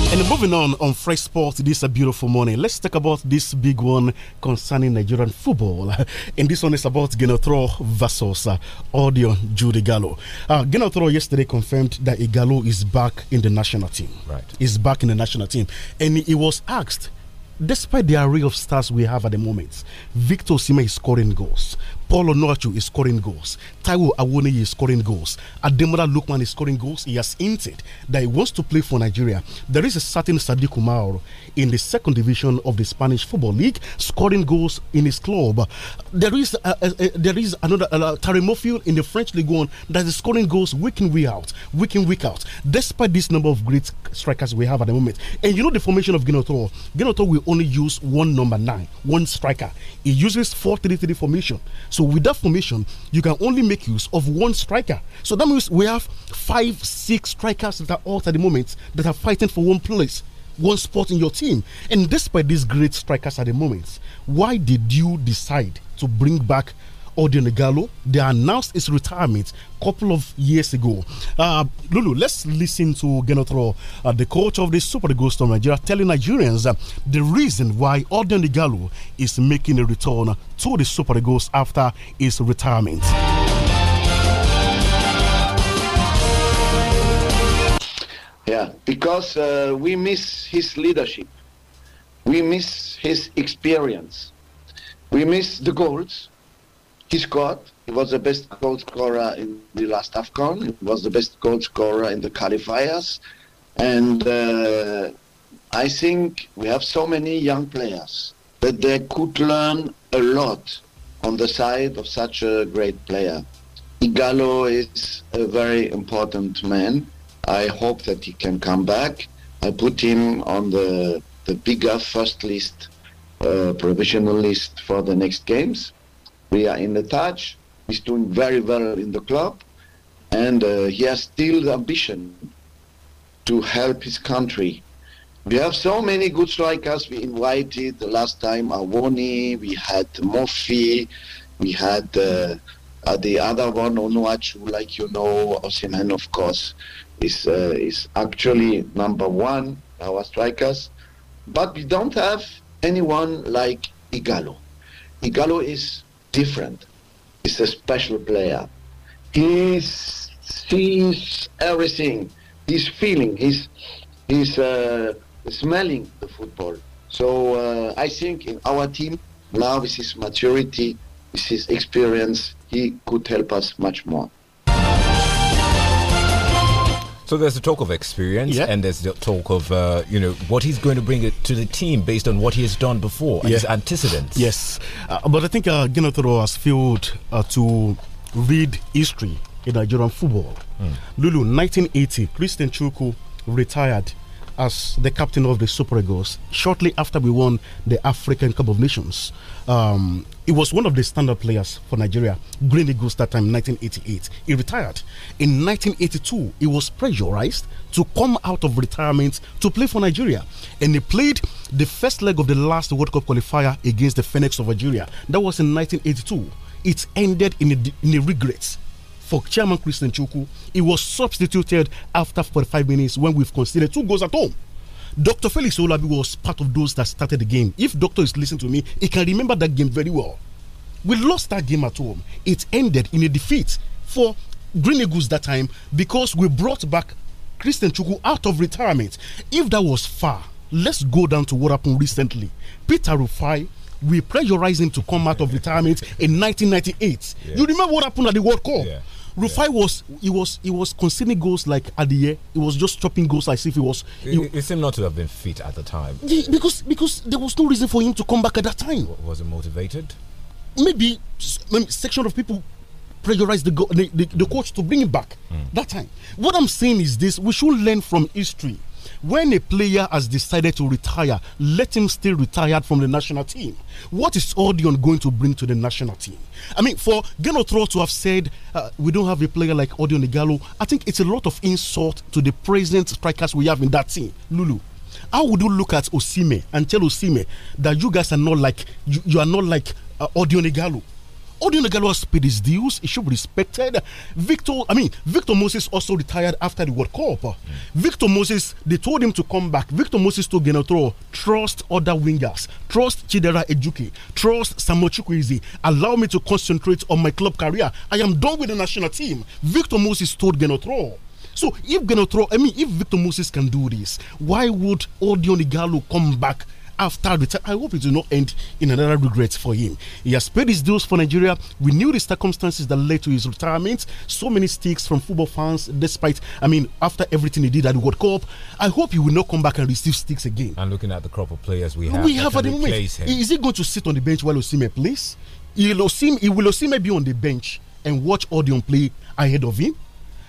And moving on on Fresh Sports this a beautiful morning. Let's talk about this big one concerning Nigerian football. and this one is about Genotro versus uh, Audion Jude Gallo. Uh, Genotro yesterday confirmed that Igalo is back in the national team. Right. He's back in the national team. And he was asked despite the array of stars we have at the moment, Victor Sima is scoring goals. Paulo Noachu is scoring goals. Taiwo Awone is scoring goals. Ademola Lukman is scoring goals. He has hinted that he wants to play for Nigeria. There is a certain Sadiq Umar in the second division of the Spanish Football League, scoring goals in his club. There is uh, uh, uh there is another uh, Tarimofil in the French League One that is scoring goals week in week out, week in week out. Despite this number of great strikers we have at the moment, and you know the formation of Genotor. Genotor will only use one number nine, one striker. He uses four three three formation. So with that formation, you can only make use of one striker. So that means we have five, six strikers that are out at the moment that are fighting for one place one spot in your team. And despite these great strikers at the moment, why did you decide to bring back Odion Gallo? They announced his retirement a couple of years ago. Uh, Lulu, let's listen to Genotro, uh, the coach of the Super Eagles of Nigeria, telling Nigerians uh, the reason why Odion Gallo is making a return to the Super Eagles after his retirement. Yeah, because uh, we miss his leadership. We miss his experience. We miss the goals he scored. He was the best goal scorer in the last AFCON. He was the best goal scorer in the qualifiers. And uh, I think we have so many young players that they could learn a lot on the side of such a great player. Igalo is a very important man I hope that he can come back. I put him on the the bigger first list, uh, provisional list for the next games. We are in the touch. He's doing very well in the club, and uh, he has still the ambition to help his country. We have so many good strikers. We invited the last time Awoni, we had Murphy, we had uh, uh, the other one, Onuachu, like you know, Osimen, of course is uh, is actually number one our strikers, but we don't have anyone like Igalo. Igalo is different. He's a special player. He sees everything. He's feeling. He's he's uh, smelling the football. So uh, I think in our team now with his maturity, with his experience, he could help us much more. So there's the talk of experience, yeah. and there's the talk of uh, you know what he's going to bring to the team based on what he has done before and yeah. his antecedents. Yes, uh, but I think uh, Genotoro has failed uh, to read history in Nigerian football. Mm. Lulu, 1980, Christian Chukwu retired as the captain of the Super Eagles shortly after we won the African Cup of Nations. Um, he was one of the standard players for Nigeria, Green Eagles that time, 1988. He retired. In 1982, he was pressurized to come out of retirement to play for Nigeria. And he played the first leg of the last World Cup qualifier against the Phoenix of Algeria. That was in 1982. It ended in a, in a regret for chairman Chris Nchoku. He was substituted after 45 minutes when we've conceded two goals at home. Dr. Felix Olabi was part of those that started the game. If Doctor is listening to me, he can remember that game very well. We lost that game at home. It ended in a defeat for Green Eagles that time because we brought back Christian Chukwu out of retirement. If that was far, let's go down to what happened recently. Peter Rufai we pressurized him to come out of retirement in 1998. Yes. You remember what happened at the World Cup? Yeah. Rufai yeah. was he was he was conceding goals like at the year. He was just chopping goals as if he was. He, it, seemed not to have been fit at the time. because because there was no reason for him to come back at that time. Was he motivated? Maybe, maybe section of people pressurized the, the, the, the coach to bring him back mm. that time. What I'm saying is this: we should learn from history when a player has decided to retire, let him stay retired from the national team. What is Odion going to bring to the national team? I mean, for Genotro to have said uh, we don't have a player like Odion Igalo, I think it's a lot of insult to the present strikers we have in that team. Lulu how would you look at Osime and tell Osime that you guys are not like you, you are not like uh, Odion Igalo? Odin Ogalwa paid his dues. He should be respected. Victor, I mean, Victor Moses also retired after the World Cup. Mm. Victor Moses, they told him to come back. Victor Moses told Genotro, trust other wingers. Trust Chidera Ejuke. Trust Samuel Chukwueze. Allow me to concentrate on my club career. I am done with the national team. Victor Moses told Genotro. So if Genotro, I mean, if Victor Moses can do this, why would Odion Igalo come back after I hope it will not end in another regret for him. He has paid his dues for Nigeria. We knew the circumstances that led to his retirement. So many sticks from football fans, despite, I mean, after everything he did at the World Cup. I hope he will not come back and receive sticks again. And looking at the crop of players we have, we have at the moment. Him. Is he going to sit on the bench while Osime plays? He'll Osime, he will Osime be on the bench and watch Odion play ahead of him?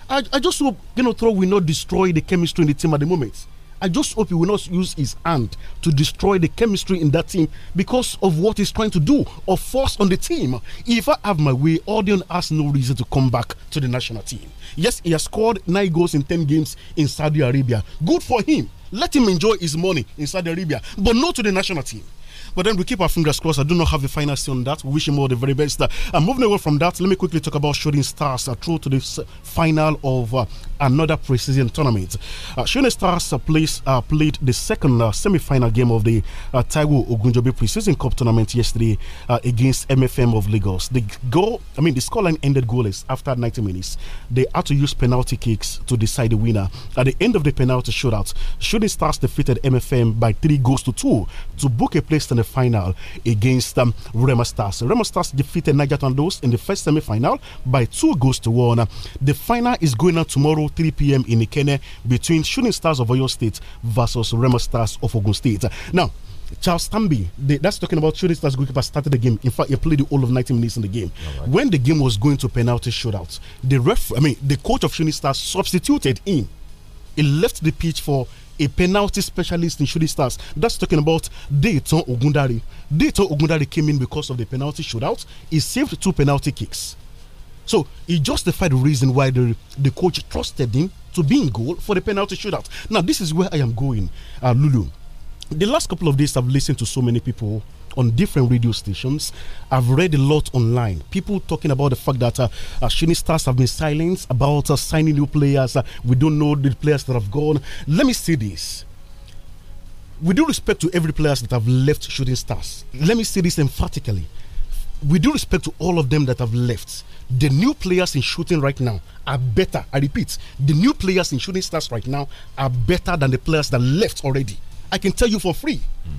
I, I just hope, you know, throw will not destroy the chemistry in the team at the moment. I just hope he will not use his hand to destroy the chemistry in that team because of what he's trying to do or force on the team. If I have my way, Odion has no reason to come back to the national team. Yes, he has scored nine goals in 10 games in Saudi Arabia. Good for him. Let him enjoy his money in Saudi Arabia, but not to the national team. But then we keep our fingers crossed. I do not have the final say on that. We wish him all the very best. Uh, moving away from that, let me quickly talk about shooting stars uh, through to the final of uh, another preseason tournament. Uh, Stars uh, uh, played the second uh, semi final game of the uh, Taiwo Ogunjobi preseason cup tournament yesterday uh, against MFM of Lagos. The goal, I mean, the scoreline ended goalless after 90 minutes. They had to use penalty kicks to decide the winner. At the end of the penalty shootout, Shooting Stars defeated MFM by three goals to two to book a place in the final against um, Rema Stars. Rema Stars defeated Niger Tandos in the first semi final by two goals to one. The final is going on tomorrow. 3 p.m. in Ikene between Shooting Stars of Oyo State versus Remo Stars of Ogun State. Now, Charles Tambi, that's talking about shooting stars goalkeeper, started the game. In fact, he played the whole of 90 minutes in the game. Right. When the game was going to penalty shootout, the ref, I mean, the coach of shooting stars substituted him. He left the pitch for a penalty specialist in shooting stars. That's talking about Dayton Ogundari. Dayton Ogundari came in because of the penalty shootout. He saved two penalty kicks so he justified the reason why the, the coach trusted him to be in goal for the penalty shootout. Now, this is where I am going, uh, Lulu. The last couple of days, I've listened to so many people on different radio stations. I've read a lot online. People talking about the fact that uh, uh, Shini Stars have been silenced about uh, signing new players. Uh, we don't know the players that have gone. Let me say this. We do respect to every players that have left Shooting Stars, let me say this emphatically. We do respect to all of them that have left, the new players in shooting right now are better. I repeat, the new players in shooting stars right now are better than the players that left already. I can tell you for free. Mm.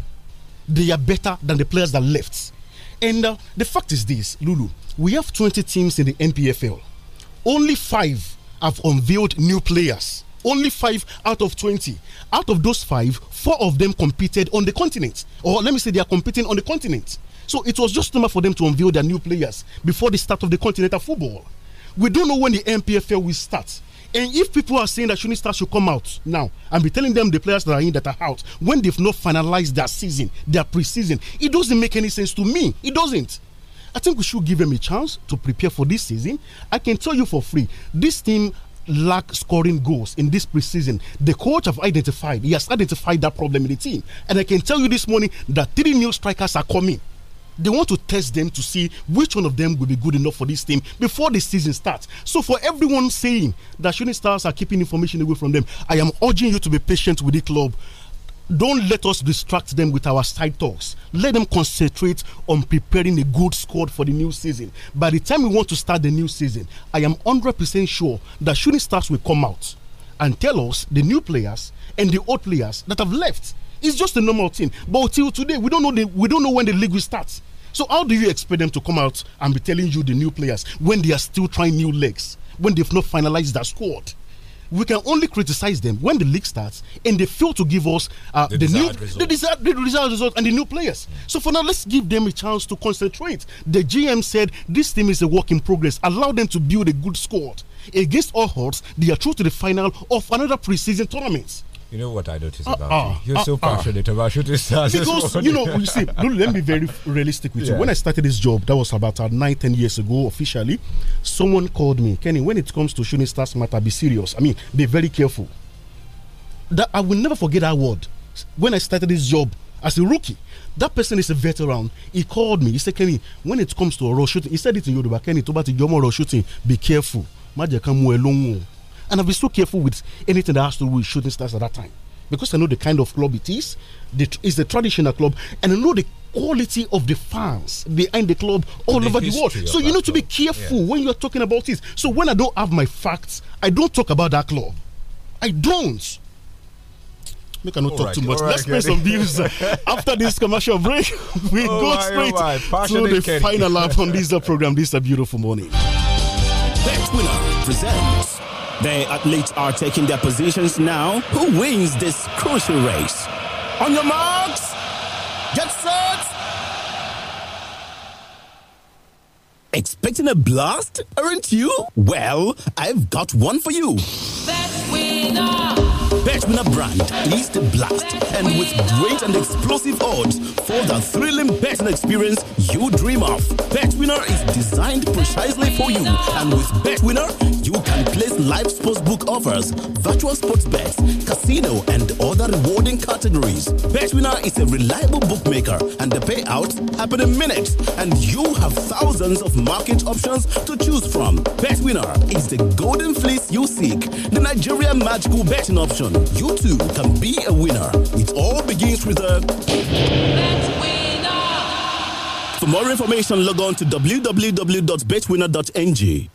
They are better than the players that left. And uh, the fact is this, Lulu, we have 20 teams in the NPFL. Only five have unveiled new players. Only five out of 20. Out of those five, four of them competed on the continent. Or let me say, they are competing on the continent. So it was just normal for them to unveil their new players before the start of the continental football. We don't know when the MPFL will start. And if people are saying that shooting stars should come out now and be telling them the players that are in that are out when they've not finalized their season, their preseason, it doesn't make any sense to me. It doesn't. I think we should give them a chance to prepare for this season. I can tell you for free, this team lack scoring goals in this preseason. The coach have identified, he has identified that problem in the team. And I can tell you this morning that three new strikers are coming they want to test them to see which one of them will be good enough for this team before the season starts. So for everyone saying that shooting stars are keeping information away from them, I am urging you to be patient with the club don't let us distract them with our side talks. Let them concentrate on preparing a good squad for the new season. By the time we want to start the new season, I am 100% sure that shooting stars will come out and tell us the new players and the old players that have left. It's just a normal thing. But till today, we don't know the, we don't know when the league will start. So how do you expect them to come out and be telling you the new players when they are still trying new legs, when they've not finalized their squad? We can only criticize them when the league starts and they fail to give us uh, the, the new result. the desired, result and the new players. Mm. So for now, let's give them a chance to concentrate. The GM said this team is a work in progress. Allow them to build a good squad. Against all odds, they are through to the final of another preseason tournament. You know what I notice uh, about uh, you? Ah, You're uh, so passionate about shooting stars. Because, you know, you see, let me be very realistic with yeah. you. When I started this job, that was about uh, nine, ten years ago officially, someone called me, Kenny, when it comes to shooting stars matter, be serious. I mean, be very careful. That I will never forget that word. When I started this job as a rookie, that person is a veteran. He called me. He said, Kenny, when it comes to a raw shooting, he said it in Yoruba, Kenny, tó bá ti jọmọ́ raw shooting, be careful. Má jẹ́ ká And I've been so careful with anything that has to do with shooting stars at that time because I know the kind of club it is. The, it's a traditional club, and I know the quality of the fans behind the club all the over the world. So you need to be careful yeah. when you are talking about this. So when I don't have my facts, I don't talk about that club. I don't. We cannot all talk right, too much. Let's pay some views After this commercial break, we oh go my, straight oh to the final lap on this uh, program. This is uh, a beautiful morning. Bet winner present. The athletes are taking their positions now. Who wins this crucial race? On your marks, get set. Expecting a blast, aren't you? Well, I've got one for you. Best winner winner brand, East Blast. And with great and explosive odds for the thrilling betting experience you dream of. Betwinner is designed precisely for you. And with Betwinner, you can place live sportsbook offers, virtual sports bets, casino, and other rewarding categories. Betwinner is a reliable bookmaker, and the payouts happen in minutes. And you have thousands of market options to choose from. Betwinner is the golden fleece you seek, the Nigeria magical betting option you too can be a winner. It all begins with a. Let's win! For more information, log on to www.betwinner.ng.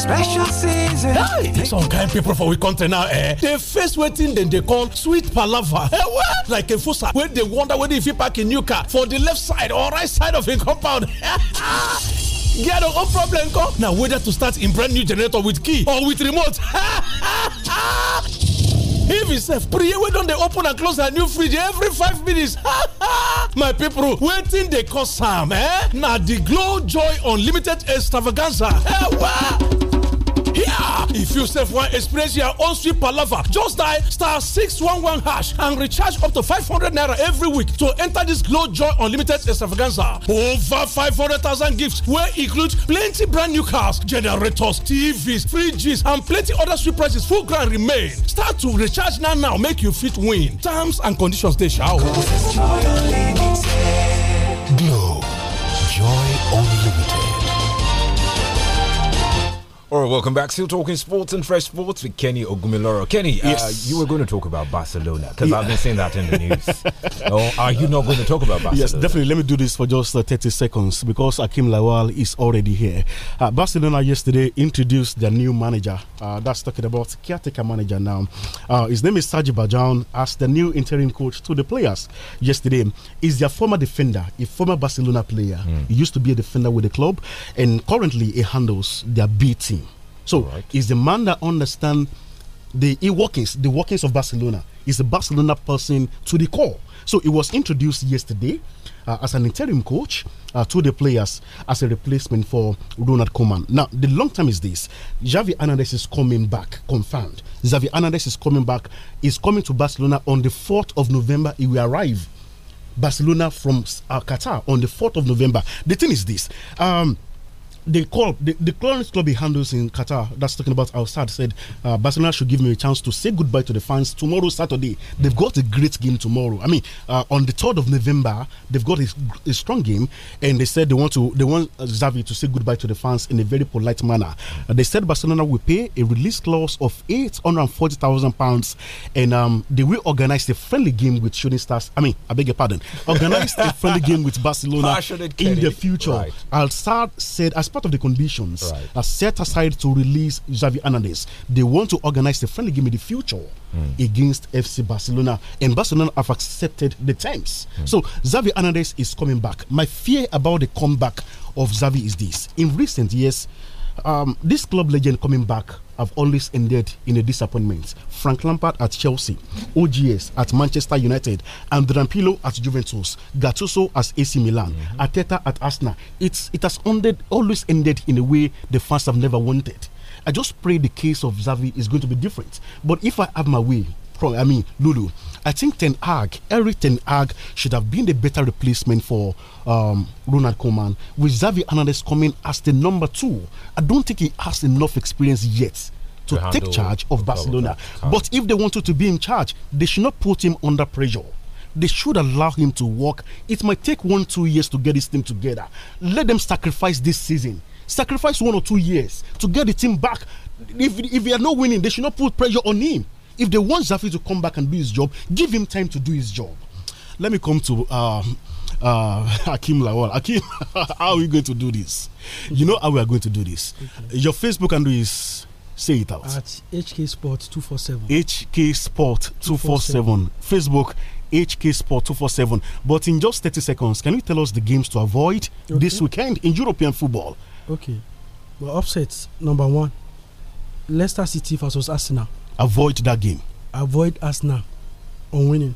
special season Hey! some kind people for we country now eh dey face wetin dem they call sweet palava eh well like efusa wey dey wonder whether if you park im new car for the left side or right side of im compound get your no problem come Now whether to start in brand new generator with key or with remote If sef priye wey don dey open and close her new fridge every five minutes my people waiting they cause some. eh Now the glow joy unlimited extravaganza ewa eh, if you save one experience your own sweet palava, just die star 611 hash and recharge up to 500 naira every week to enter this Glow Joy Unlimited extravaganza. Over 500,000 gifts will include plenty brand new cars, generators, TVs, fridges, and plenty other sweet prices. Full grand remain. Start to recharge now now. Make you fit win. Terms and conditions they shall. Glow All right, welcome back. Still talking sports and fresh sports with Kenny Ogumiloro. Kenny, uh, yes. uh, you were going to talk about Barcelona because yeah. I've been seeing that in the news. No, oh, are you not going to talk about Barcelona? Yes, definitely. Let me do this for just uh, 30 seconds because Akim Lawal is already here. Uh, Barcelona yesterday introduced their new manager. Uh, that's talking about caretaker manager now. Uh, his name is Sergi Bajan as the new interim coach to the players yesterday. Is their former defender, a former Barcelona player. Mm. He used to be a defender with the club and currently he handles their B team. So right. is the man that understands the workings, the workings of Barcelona, is a Barcelona person to the core. So it was introduced yesterday uh, as an interim coach uh, to the players as a replacement for Ronald Koeman. Now the long term is this: Xavi Hernandez is coming back, confirmed. Xavi Hernandez is coming back. Is coming to Barcelona on the fourth of November. He will arrive Barcelona from uh, Qatar on the fourth of November. The thing is this. Um, the club, the, the club he handles in Qatar, that's talking about Al Saad, said uh, Barcelona should give me a chance to say goodbye to the fans tomorrow, Saturday. They've got a great game tomorrow. I mean, uh, on the 3rd of November, they've got a, a, strong game, and they said they want to they want Xavi to say goodbye to the fans in a very polite manner. Uh, they said Barcelona will pay a release clause of eight hundred and forty thousand pounds, and um, they will organize a friendly game with Shooting Stars. I mean, I beg your pardon, organize a friendly game with Barcelona in the future. Right. Al Saad said as part of the conditions right. are set aside to release Xavi Hernandez. They want to organize the friendly game in the future mm. against FC Barcelona, and Barcelona have accepted the terms. Mm. So Xavi Hernandez is coming back. My fear about the comeback of Xavi is this: in recent years, um, this club legend coming back have always ended in a disappointment. Frank Lampard at Chelsea, OGS at Manchester United, and Drampillo at Juventus, Gattuso at AC Milan, mm -hmm. Ateta at Arsenal. It's it has ended always ended in a way the fans have never wanted. I just pray the case of Xavi is going to be different. But if I have my way, problem. I mean, Lulu, I think Ten Hag, Eric Ten Hag should have been the better replacement for um, Ronald Koeman. With Xavi Hernandez coming as the number two, I don't think he has enough experience yet to, to take charge of Barcelona. But if they wanted to be in charge, they should not put him under pressure they should allow him to work. It might take one, two years to get this team together. Let them sacrifice this season. Sacrifice one or two years to get the team back. If, if they are not winning, they should not put pressure on him. If they want Zafi to come back and do his job, give him time to do his job. Let me come to um, uh, Akim Lawal. Akim, how are we going to do this? You know how we are going to do this. Okay. Your Facebook handle is say it out at HK Sport 247. HK Sport 247. 247. Facebook HK Sport 247. But in just 30 seconds, can you tell us the games to avoid okay. this weekend in European football? Okay. Well, upsets number one Leicester City versus Arsenal. avoid that game? Avoid Arsenal on winning.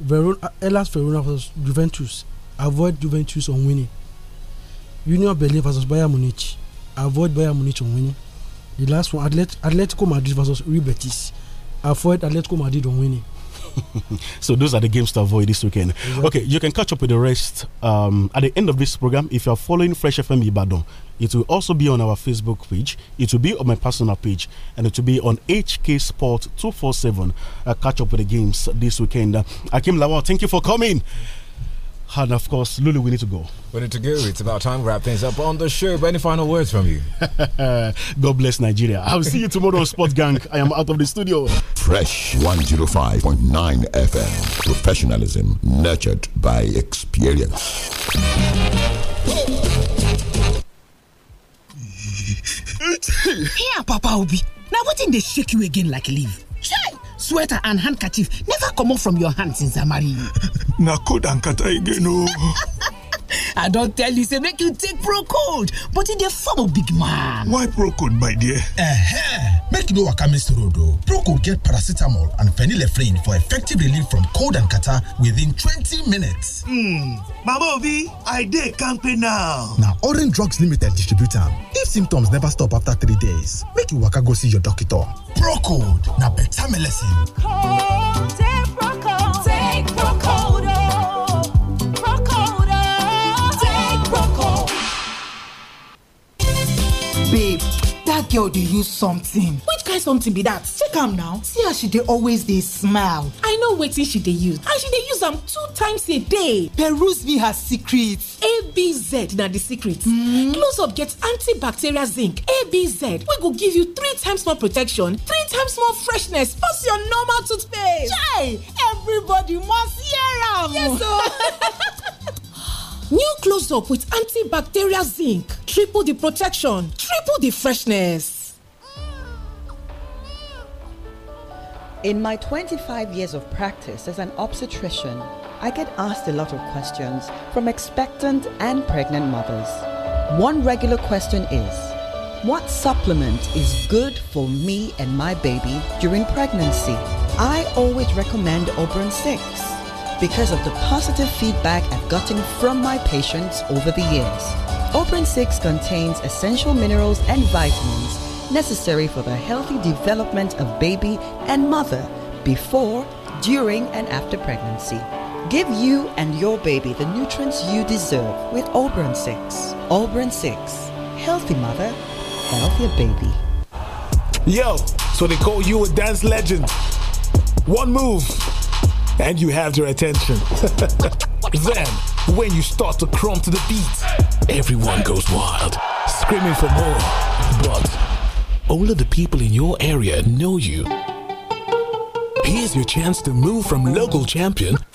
Verona, Hellas Verona versus Juventus. Avoid Juventus on winning. Union Berlin versus Bayern Munich. Avoid Bayern Munich on winning. The last one, Atletico Madrid versus Real Betis. Avoid Atletico Madrid on winning. so those are the games to avoid this weekend. Okay, you can catch up with the rest um, at the end of this program. If you are following Fresh FM Ibadan, it will also be on our Facebook page. It will be on my personal page, and it will be on HK Sport Two Four Seven. Uh, catch up with the games this weekend. Uh, Akim Lawal, thank you for coming. And of course, Lulu, we need to go. We need to go. It's about time we wrap things up on the show. But any final words from you? God bless Nigeria. I'll see you tomorrow, Sports Gang. I am out of the studio. Fresh 105.9 FM. Professionalism nurtured by experience. Here, Papa Obi. Now, what in they shake you again like leave? Shake! sweater and handkerchief never comot from your hands since i marry you. na cold and kata again o. Oh. i don't tell you say make you take Procode, but in the form of big man why Procode, my dear eh make you no waka miss road oh. Procode get paracetamol and phenylephrine for effective relief from cold and catar within 20 minutes hmm mama obi i dey now. Now orange drugs limited Distributor. if symptoms never stop after three days make you waka go see your doctor pro code na beta listen. girl dey use something which kind something be that check am now see as she dey always dey smile i know wetin she dey use and she dey use am two times a day peruse be her secret abz na the secret hmm? close up get antibacterial zinc abz wey go give you three times more protection three times more freshness pass your normal toothpaste. chai everybody must hear am. yes o. new close up with antibacterial zinc triple the protection triple the freshness. In my 25 years of practice as an obstetrician, I get asked a lot of questions from expectant and pregnant mothers. One regular question is What supplement is good for me and my baby during pregnancy? I always recommend Oberon 6 because of the positive feedback I've gotten from my patients over the years. Operin 6 contains essential minerals and vitamins necessary for the healthy development of baby and mother before, during, and after pregnancy. Give you and your baby the nutrients you deserve with Oberon 6. Oberon 6. Healthy mother, healthier baby. Yo, so they call you a dance legend. One move and you have their attention. then, when you start to crumb to the beat, everyone goes wild, screaming for more. But all of the people in your area know you. Here's your chance to move from local champion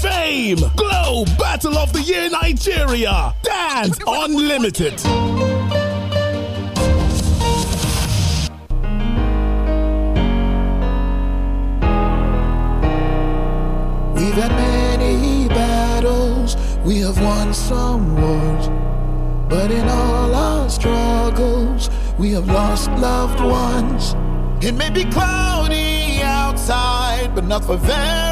Fame, Glow Battle of the Year Nigeria, Dance Unlimited. We've had many battles, we have won some wars, but in all our struggles, we have lost loved ones. It may be cloudy outside, but not for very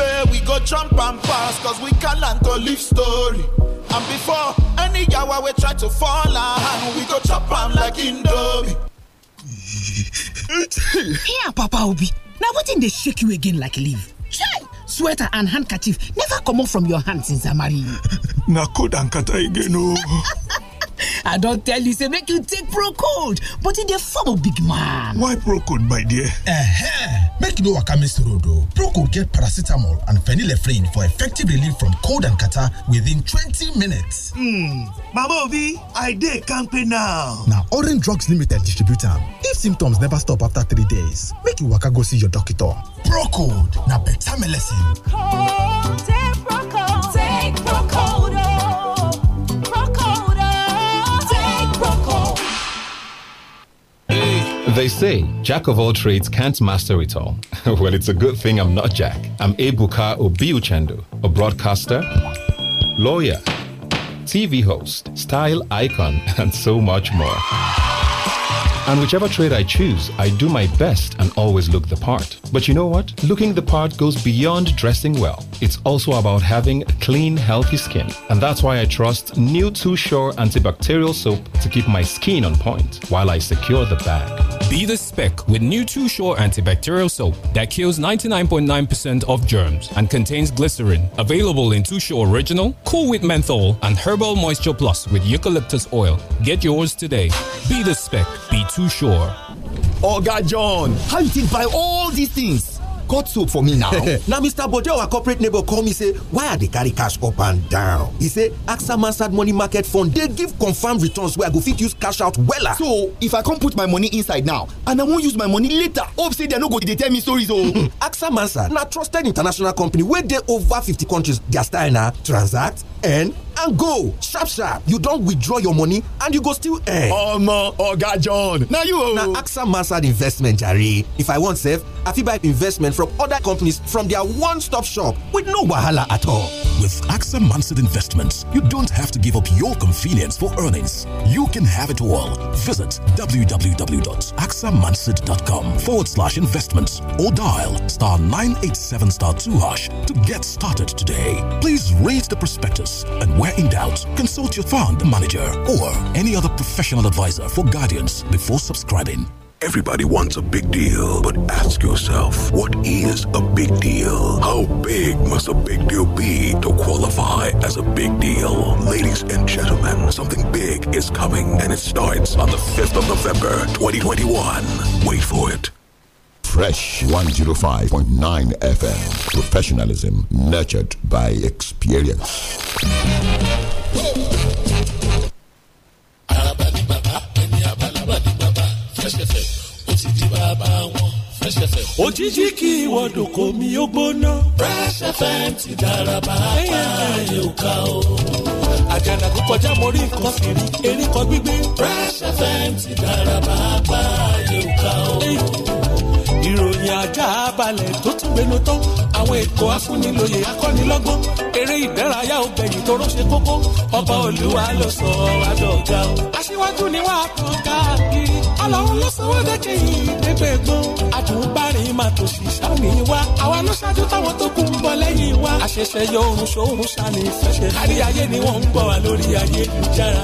baby, we go jump and pass, cause we can land go live story. And before any yawa we try to fall and we go chop am like indomie. Here, Papa Obi, now what wetin they shake you again like leaf? Shine! Sweater and handkerchief never come off from your hands since I marry you. Na cold and kata again o. Oh. i don't tell you say make you take Procode, but e dey form of big man why Procode, my dear eh make you know what miss road o Procode get paracetamol and phenylephrine for effective relief from cold and catarrh within 20 minutes hmm mama obi i dey campaign now Now orange drugs limited Distributor. if symptoms never stop after three days make you waka go see your doctor Procode. pro code na beta melecine They say, Jack of all trades can't master it all. well, it's a good thing I'm not Jack. I'm Ebuka Obiuchendo, a broadcaster, lawyer, TV host, style icon, and so much more. And whichever trade I choose, I do my best and always look the part. But you know what? Looking the part goes beyond dressing well. It's also about having clean, healthy skin. And that's why I trust new Too Sure antibacterial soap to keep my skin on point while I secure the bag. Be the spec with new Too Sure antibacterial soap that kills 99.9% percent of germs and contains glycerin. Available in Too Sure Original, Cool with Menthol, and Herbal Moisture Plus with eucalyptus oil. Get yours today. Be the spec. Be Too too sure. Oga John, how you think buy all these things? cut soap for me now. Now, mr bojo our corporate neighbor call me say why i dey carry cash up and down. He say axa mansard money market fund they give confirmed returns where i go fit use cash out wella. so if i can't put my money inside now and i won't use my money later hope say dem no go dey tell me stories Oh, axa mansard now trusted international company where they over fifty countries their starting na transact and and go sharp sharp you don withdraw your money and you go still earn. omo oga john na you o. na axa mansard investment jare if i wan save i fit buy investment from other companies from their one-stop shop with no wahala at all. with axa mansard investments you don't have to give up your convenience for earnings you can have it all visit www.axamansard.com forward slash investments or dial star 987 star 2 hash to get started today please read the prospectus and where in doubt, consult your fund manager or any other professional advisor for guidance before subscribing. Everybody wants a big deal, but ask yourself, what is a big deal? How big must a big deal be to qualify as a big deal? Ladies and gentlemen, something big is coming and it starts on the 5th of November, 2021. Wait for it. Fresh 105.9 FM. Professionalism nurtured by experience. òjijì kí ìwọ́dùn kò mí ó gbóná. Fresh FM ti dára bàbá ayé ò ká o. àjànà kó kọjá mo rí nǹkan fìrí erékọ gbígbé. Fresh FM ti dára bàbá ayé ò ká ka o ajá balẹ̀ tó tún gbénu tán àwọn ètò afúnilòyè akọ́nilọ́gbọ́n eré ìdárayá obìnrin tó rọ́ṣẹ́ kókó ọba olúwa ló sọ adọ́gà o. aṣíwájú ni wàá kàn káàkiri ọlọ́run ló sọ wọ́n dẹ́kẹ́ yìí dẹ́gbẹ́ gbọ́n àtúbárin máa tò sí sámi wa àwa ló ṣáájú táwọn tó kù ń bọ̀ lẹ́yìn wa. àṣẹ̀ṣẹ̀ yọ oorun ṣòun ṣàní ìfẹsẹ̀ kárí ni wọ́n ń gbọ́ wa lórí ayélujára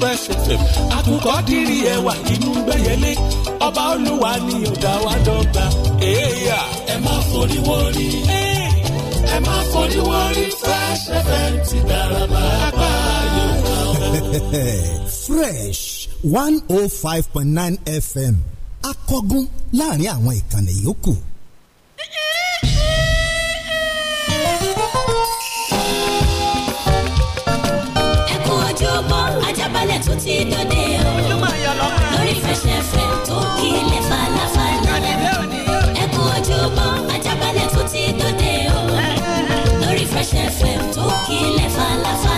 fresh fm àkùkọ ẹwà inú gbẹyẹlé ọba olúwa ni ọ̀dà wa dọ́gba ẹ má forí wọrí ẹ má forí wọrí fresh fm ti dára pàápàá yóò wá ọ. fresh one oh five point nine fm akọgun láàrin àwọn ìkànnì yòókù. ìròyìn tún ti dòde o lórí Fresh FM tó kílẹ̀ falafala ẹ kú ojúmọ́ Ajaabale tún ti dòde o lórí Fresh tó kílẹ̀ falafala.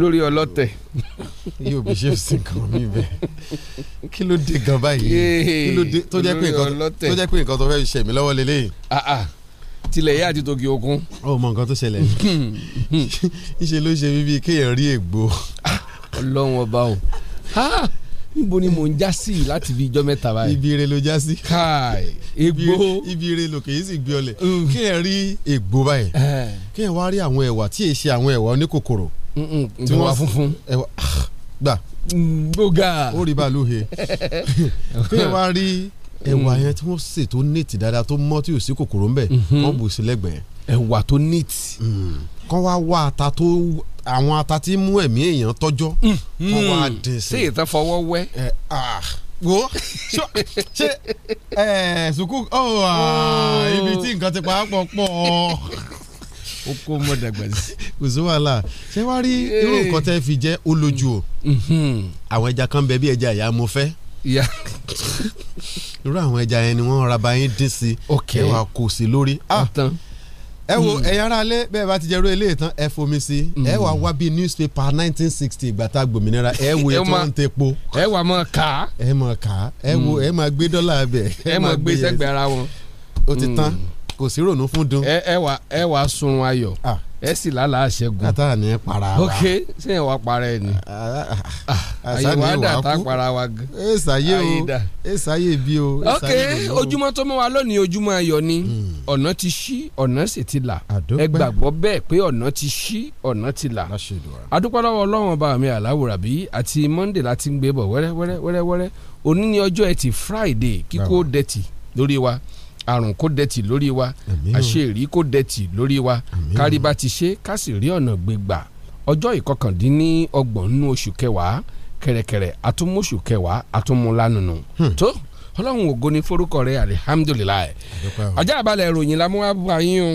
olórí ọlọ́tẹ̀. yóò bí ṣe sí nǹkan mi bẹ́ẹ̀ kí ló dé gan báyìí kí ló dé tó jẹ́ pé nǹkan tó fẹ́ ṣẹ̀mí lọ́wọ́ lélẹ́yìn tilẹ̀ yá àti tòkì òkun. ó mọ nǹkan tó ṣẹlẹ̀ ńṣe ló ṣe bíbí kéèyàn rí ègbò. ọlọ́run ọba o níbo ni mò ń já sí láti fi ijọ́ mẹ́ta báyìí. ibi ire ló já sí. káì ègbò. ibi ire ló kèé sì gbé ọlẹ̀. Mm. kéèyàn rí ègbò báyìí kéèyàn wá rí àwọn ẹ̀wà tí èé ṣe àwọn ẹ̀wà oníkòkòrò tí wọ́n wá funfun ah, gbà gbóga mm, ó rí bàálù he kí ẹ wá rí ẹ̀wà mm. yẹn tí wọ́n sè tó neat dáadáa tó mọ́ tí ò sí kòkòrò ńbẹ̀ mm-hmm. wọ́n bù sí lẹ́gbẹ̀ẹ́. ẹ̀wà tó neat. Mm. kọ́ wá wá ata tó àwọn ata tí mú ẹ̀mí èèyàn tọ́jọ́ mm-hmm. kọ́ wá dín sí. sí ìtàn fọwọ́ wẹ́. ẹ ah wo ṣe ẹ sukuu ọ oh, ah, oh. ibi tí nǹkan ti pa á pọ̀ pọ̀ ó kó mọ́ dàgbà sí. kò sí wàhálà ṣé wàá rí irú eh. nǹkan tẹ́ fi jẹ́ olójú o mm-hmm. àwọn ẹja kan bẹ bí ẹja ìyá mo fẹ́ irú àwọn ẹja yẹn ni wọ́n ra ba yín dín sí ẹ wàá kò sí lórí ah! ẹ wo mm. ẹ̀yin ará alẹ́ bẹ́ẹ̀ bá ti jẹ́ ru eléyìí tán ẹ fomi sí ẹ wàá wá mm. bíi newspaper nineteen sixty ìgbà tá a gbòmìnira ẹ wo ètò ń tẹ po. ẹ wàá máa kà ẹ máa kà ẹ wo mm. ẹ máa gbé dọ́là bẹ̀. ẹ máa gbé sẹ́gbẹ̀ẹ́ ara wọn. ó ti tán kò sí ronú fún dun. ẹ ẹ wà ẹ wà sun ayọ̀ ah. ẹ sì lálà àṣẹgun. ata ni para wa. ok ṣé ẹ wà para ẹ ni. Ah, ah, àṣà ni ìwà kú àyè wà dàtà para wa gan. ẹ ṣàyè o ẹ ṣàyè bí o. ok ojúmọ́ tó mọ́ wa lónìí ojúmọ́ ayọ̀ ni hmm. ọ̀nà ti ṣí ọ̀nà sì ti là ẹ gbàgbọ́ bẹ́ẹ̀ pé ọ̀nà ti ṣí ọ̀nà ti là. adúpẹ́ lọ́wọ́ ọlọ́run ọba mi aláwòrábí àti monday láti ń gbé bọ̀ wẹ́rẹ́wẹ́rẹ́ wẹ́rẹ́wẹ́rẹ́ òní ni ọjọ́ ẹtì friday kíkó dẹ́tì lórí wa àrùn kò dẹ̀tì lórí wa àṣeyìrí kò dẹ̀tì lórí wa káríba ti ṣe ká sì rí ọ̀nà gbégbà ọjọ́ ìkọkàndínlọ́gbọ̀n nínú oṣù kẹwàá kẹ̀rẹ̀kẹ̀rẹ̀ àtúnmọ̀ṣù kẹwàá àtúnmọ̀lánùnù hmm. tó ọlọ́run ògo ni forúkọ rẹ alihamdulilayi ajá àbálẹ̀ ìròyìn la mú wá bá yín o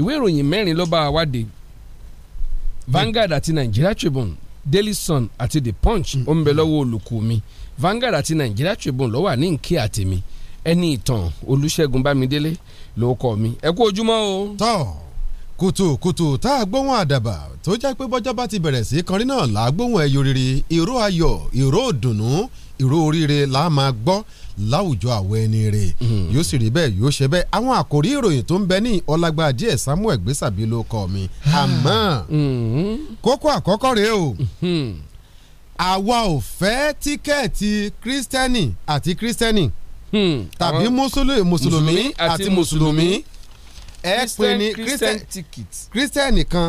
ìwé ìròyìn mẹ́rin ló bá a wádìí Vanguard àti Nigeria Tribune Daily Sun àti The Punch hmm. ó ń bẹ lọ́wọ́ olùkù mi Vanguard àti Nigeria Tribune ló wà ní nkí àtẹ̀mí ẹni ìtàn olùṣègùn bámidélé ló kọ mi ẹ kú ojúmọ́ o. tọ́ kùtùkùtù tá a gbóhùn àdàbà tó jẹ́ pé bọ́jọ́ bá ti bẹ̀rẹ̀ sí kọrin náà là á gbóhùn ẹ̀yọ́ rere ìró ayọ̀ ìró ìdùnnú ìró oríire là á máa gbọ́ láwùjọ àwọn ẹni rẹ̀ hmm. yóò sì rí bẹ́ẹ̀ yóò ṣe bẹ́ẹ̀ àwọn àkòrí ìròyìn tó ń bẹ ní ọlágbá díẹ̀ samuel gbèsàbí ló kọ mi ah. àmọ́ hmm. kókó àkọ́kọ́ rèé o hmm. àwa ò fẹ́ tíkẹ́ẹ̀tì kírísítẹ́nì àti kírísítẹ́nì Hmm. tàbí mùsùlùmí àti mùsùlùmí ẹ pè ní kírísítẹ́nì kan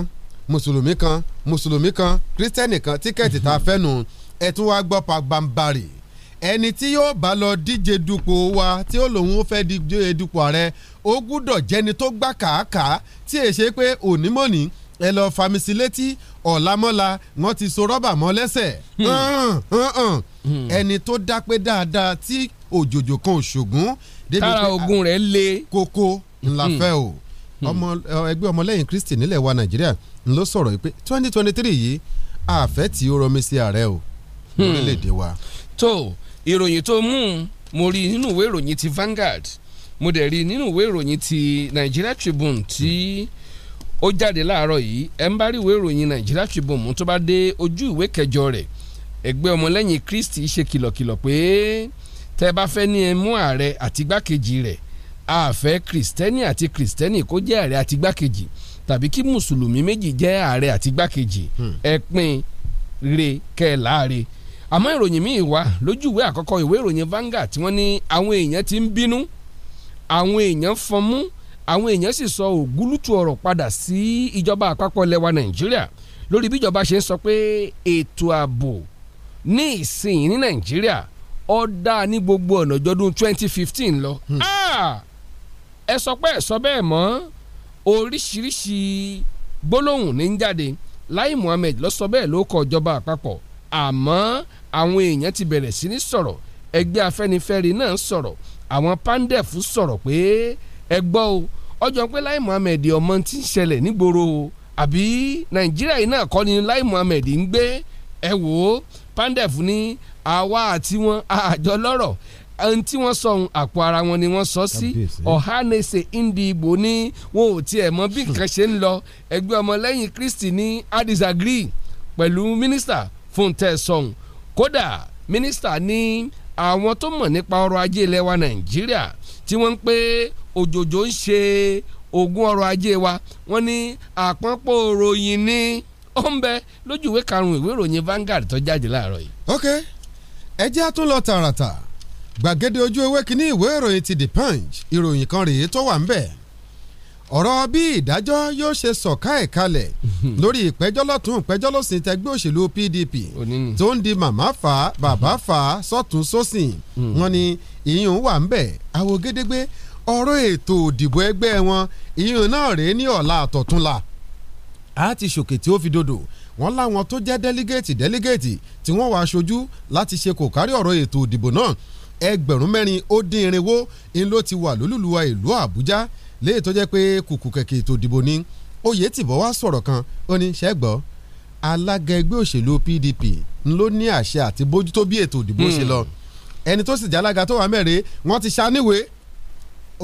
mùsùlùmí kan mùsùlùmí kan kírísítẹ́nì kan tíkẹ́ẹ̀tì tá a fẹ́ nu ẹ tún wá gbọ́ pa gbàǹbarì ẹni tí yóò bá lọ díje dupò wa tí ó lòun ó fẹ́ díje dupò ààrẹ ó gbúdọ̀ jẹni tó gbà kàákàá tí èsè pé òní mọ́ni ẹ lọ famisi létí ọ̀làmọ́la wọ́n ti so rọ́bà mọ́ lẹ́sẹ̀ hmm. Hmm. ẹni tó dápé dáadáa tí òjòjò kan òṣògùn tára ogun rẹ̀ le kókó ńlá hmm. fẹ́ o ọmọ ẹgbẹ́ ọmọlẹ́yìn kristi nílẹ̀ wa nàìjíríà ló sọ̀rọ̀ pé twenty twenty three yìí àfẹ́ tí ó rọmi sí ààrẹ o lórílẹ̀‐èdè wa. tó ìròyìn tó mú un mo rí nínú ìwé ìròyìn ti Vanguard mo dẹ̀ rí nínú ìwé ìròyìn ti Nigeria Tribune ti. Hmm ó jáde láàárọ̀ yìí ẹ̀ ń bá rí ìwé ìròyìn Nàìjíríà Tribune mú tó bá dé ojú ìwé kẹjọ rẹ̀ ẹgbẹ́ ọmọlẹ́yìn Kristi ṣe kìlọ̀kìlọ̀ pé tẹ́ ẹ bá fẹ́ ní ẹ mú ààrẹ àti igbákejì rẹ̀ àfẹ́ Kristẹni àti Kristẹni kó jẹ́ ààrẹ àti igbákejì tàbí kí mùsùlùmí méjì jẹ́ ààrẹ àti igbákejì hmm. ẹ re kẹ́ láre àmọ́ ìròyìn míì wá lójú ìwé àkọ́kọ́ ìwé ìròyìn Vanguard tí wọ́n ní àwọn èèyàn ti ń bínú àwọn èèyàn fọnmú àwọn èèyàn sì sọ ògúlùtù ọ̀rọ̀ padà sí ìjọba àpapọ̀ lẹwa nàìjíríà lórí bí ìjọba ṣe ń sọ pé ètò ààbò ní ìsìn ní nàìjíríà ó ní gbogbo ọ̀nà jọdún 2015 lọ. Hmm. Ah! ẹ sọ pé ẹ sọ bẹ́ẹ̀ mọ́ oríṣiríṣi gbólóhùn ní ń jáde Lai Muhammed ló sọ bẹ́ẹ̀ ló kọ ìjọba àpapọ̀ àmọ́ àwọn èèyàn ti bẹ̀rẹ̀ sí ní sọ̀rọ̀ ẹgbẹ́ afẹ́nifẹ́re náà sọ̀rọ̀ àwọn pandef sọ̀rọ̀ pé ẹ gbọ́ o ọjọ́ pé Lai Muhammed ọmọ ti ń ṣẹlẹ̀ nígboro o àbí Nàìjíríà yìí náà kọ́ ni Lai Muhammed ń gbé ẹ wò ó Pandef ní àwa àti wọn àjọ lọ́rọ̀ ẹni tí wọ́n sọ àpò ara wọn ni wọ́n sọ sí ọ̀hánẹsẹ Ndigbo ní wọn ò tiẹ̀ mọ bí nǹkan ṣe ń lọ ẹgbẹ́ ọmọlẹ́yìn Kristi ní I disagree pẹ̀lú mínísítà Fúntẹ́ Ṣọ̀ún kódà mínísítà ní àwọn tó mọ̀ nípa ọrọ̀ ajé ilẹ̀ Nàìjíríà tí wọ́n ń pé òjòjò ń ṣe ogun ọrọ̀ ajé wa wọ́n ní àpọ́npọ̀ ròyìn ní ó ń bẹ lójú ìwé karùn-ún ìwé ìròyìn Vanguard tó jáde láàárọ̀ yìí. ok ẹ jẹ́ àtún lọ tààràtà gbàgede ojú ewé kínní ìwé ìròyìn ti The Punch ìròyìn kan rèé tó wà ń bẹ̀ ọ̀rọ̀ bí ìdájọ́ yóò ṣe sọ̀ká ẹ̀ lórí ìpẹ́jọ́ lọ́tún ìpẹ́jọ́ lọ́sìn tẹgbẹ́ òṣèlú PDP tó ń di màmá fà bàbá fà sọ́tún sósìn hmm. wọn ni ìyún wà ń bẹ̀ àwò gédégbé ọ̀rọ̀ ètò òdìbò ẹgbẹ́ wọn ìyún náà rèé ní ọ̀la àtọ̀túnla a ti ṣòkè tí ó fi dodo wọ́n láwọn tó jẹ́ délígéètì délígéètì tí wọ́n wá aṣojú láti ṣe kò kárí ọ̀rọ̀ ètò òdìbò náà ẹgbẹ̀rún mẹ́rin ó dín irinwó ń ló ti wà lólùlùwà ìlú Àbújá léyìí tó jẹ́ pé kùkù kẹ̀kẹ́ ètò òdìbò ni Oyètìbọ̀ wá sọ̀rọ̀ kan ó ní ṣẹ́gbọ́ alága ẹgbẹ́ òṣèlú PDP ń ló ní àṣẹ àti bójútó bí ètò òdìbò ṣe lọ. Mm ẹni tó sì jálága tó wà mẹ́rẹ̀ẹ́ wọ́n ti ṣaníwèé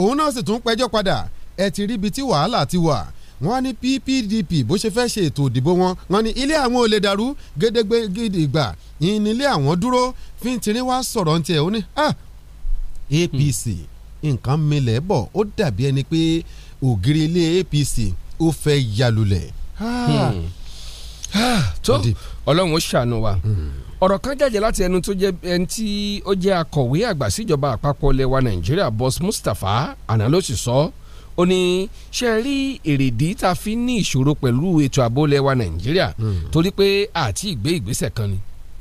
òun náà sì tún pẹ́jọ́ padà ẹ ti ríbi tí wàhálà ti wà wọ́n ní PPDP bó ṣe fẹ́ ṣe ètò òdìbò wọn wọ́n ní ilé àwọn ò lè dàrú gédégbé gidi ìgbà yìí àwọn dúró fíntìrín wá sọ̀rọ̀ ní tiẹ̀ ó ní APC ah, nǹkan milẹ̀ bọ̀ ó dàbí ẹni pé ògiri ilé APC ó fẹ́ yalulẹ̀. Ah, hmm. ah, tó ọlọ́run ó ṣàánú wa. Hmm ọ̀rọ̀ kan jáde láti ẹnu tó jẹ́ ẹni tí ó jẹ́ akọ̀wé àgbà síjọba àpapọ̀ lẹwa nàìjíríà boss mustapha àná ló sì sọ ó ní ṣe rí èrèdí tá a fi ní ìṣòro pẹ̀lú ètò ààbò lẹwa nàìjíríà hmm. torí pé àti ìgbé ìgbésẹ̀ kan ni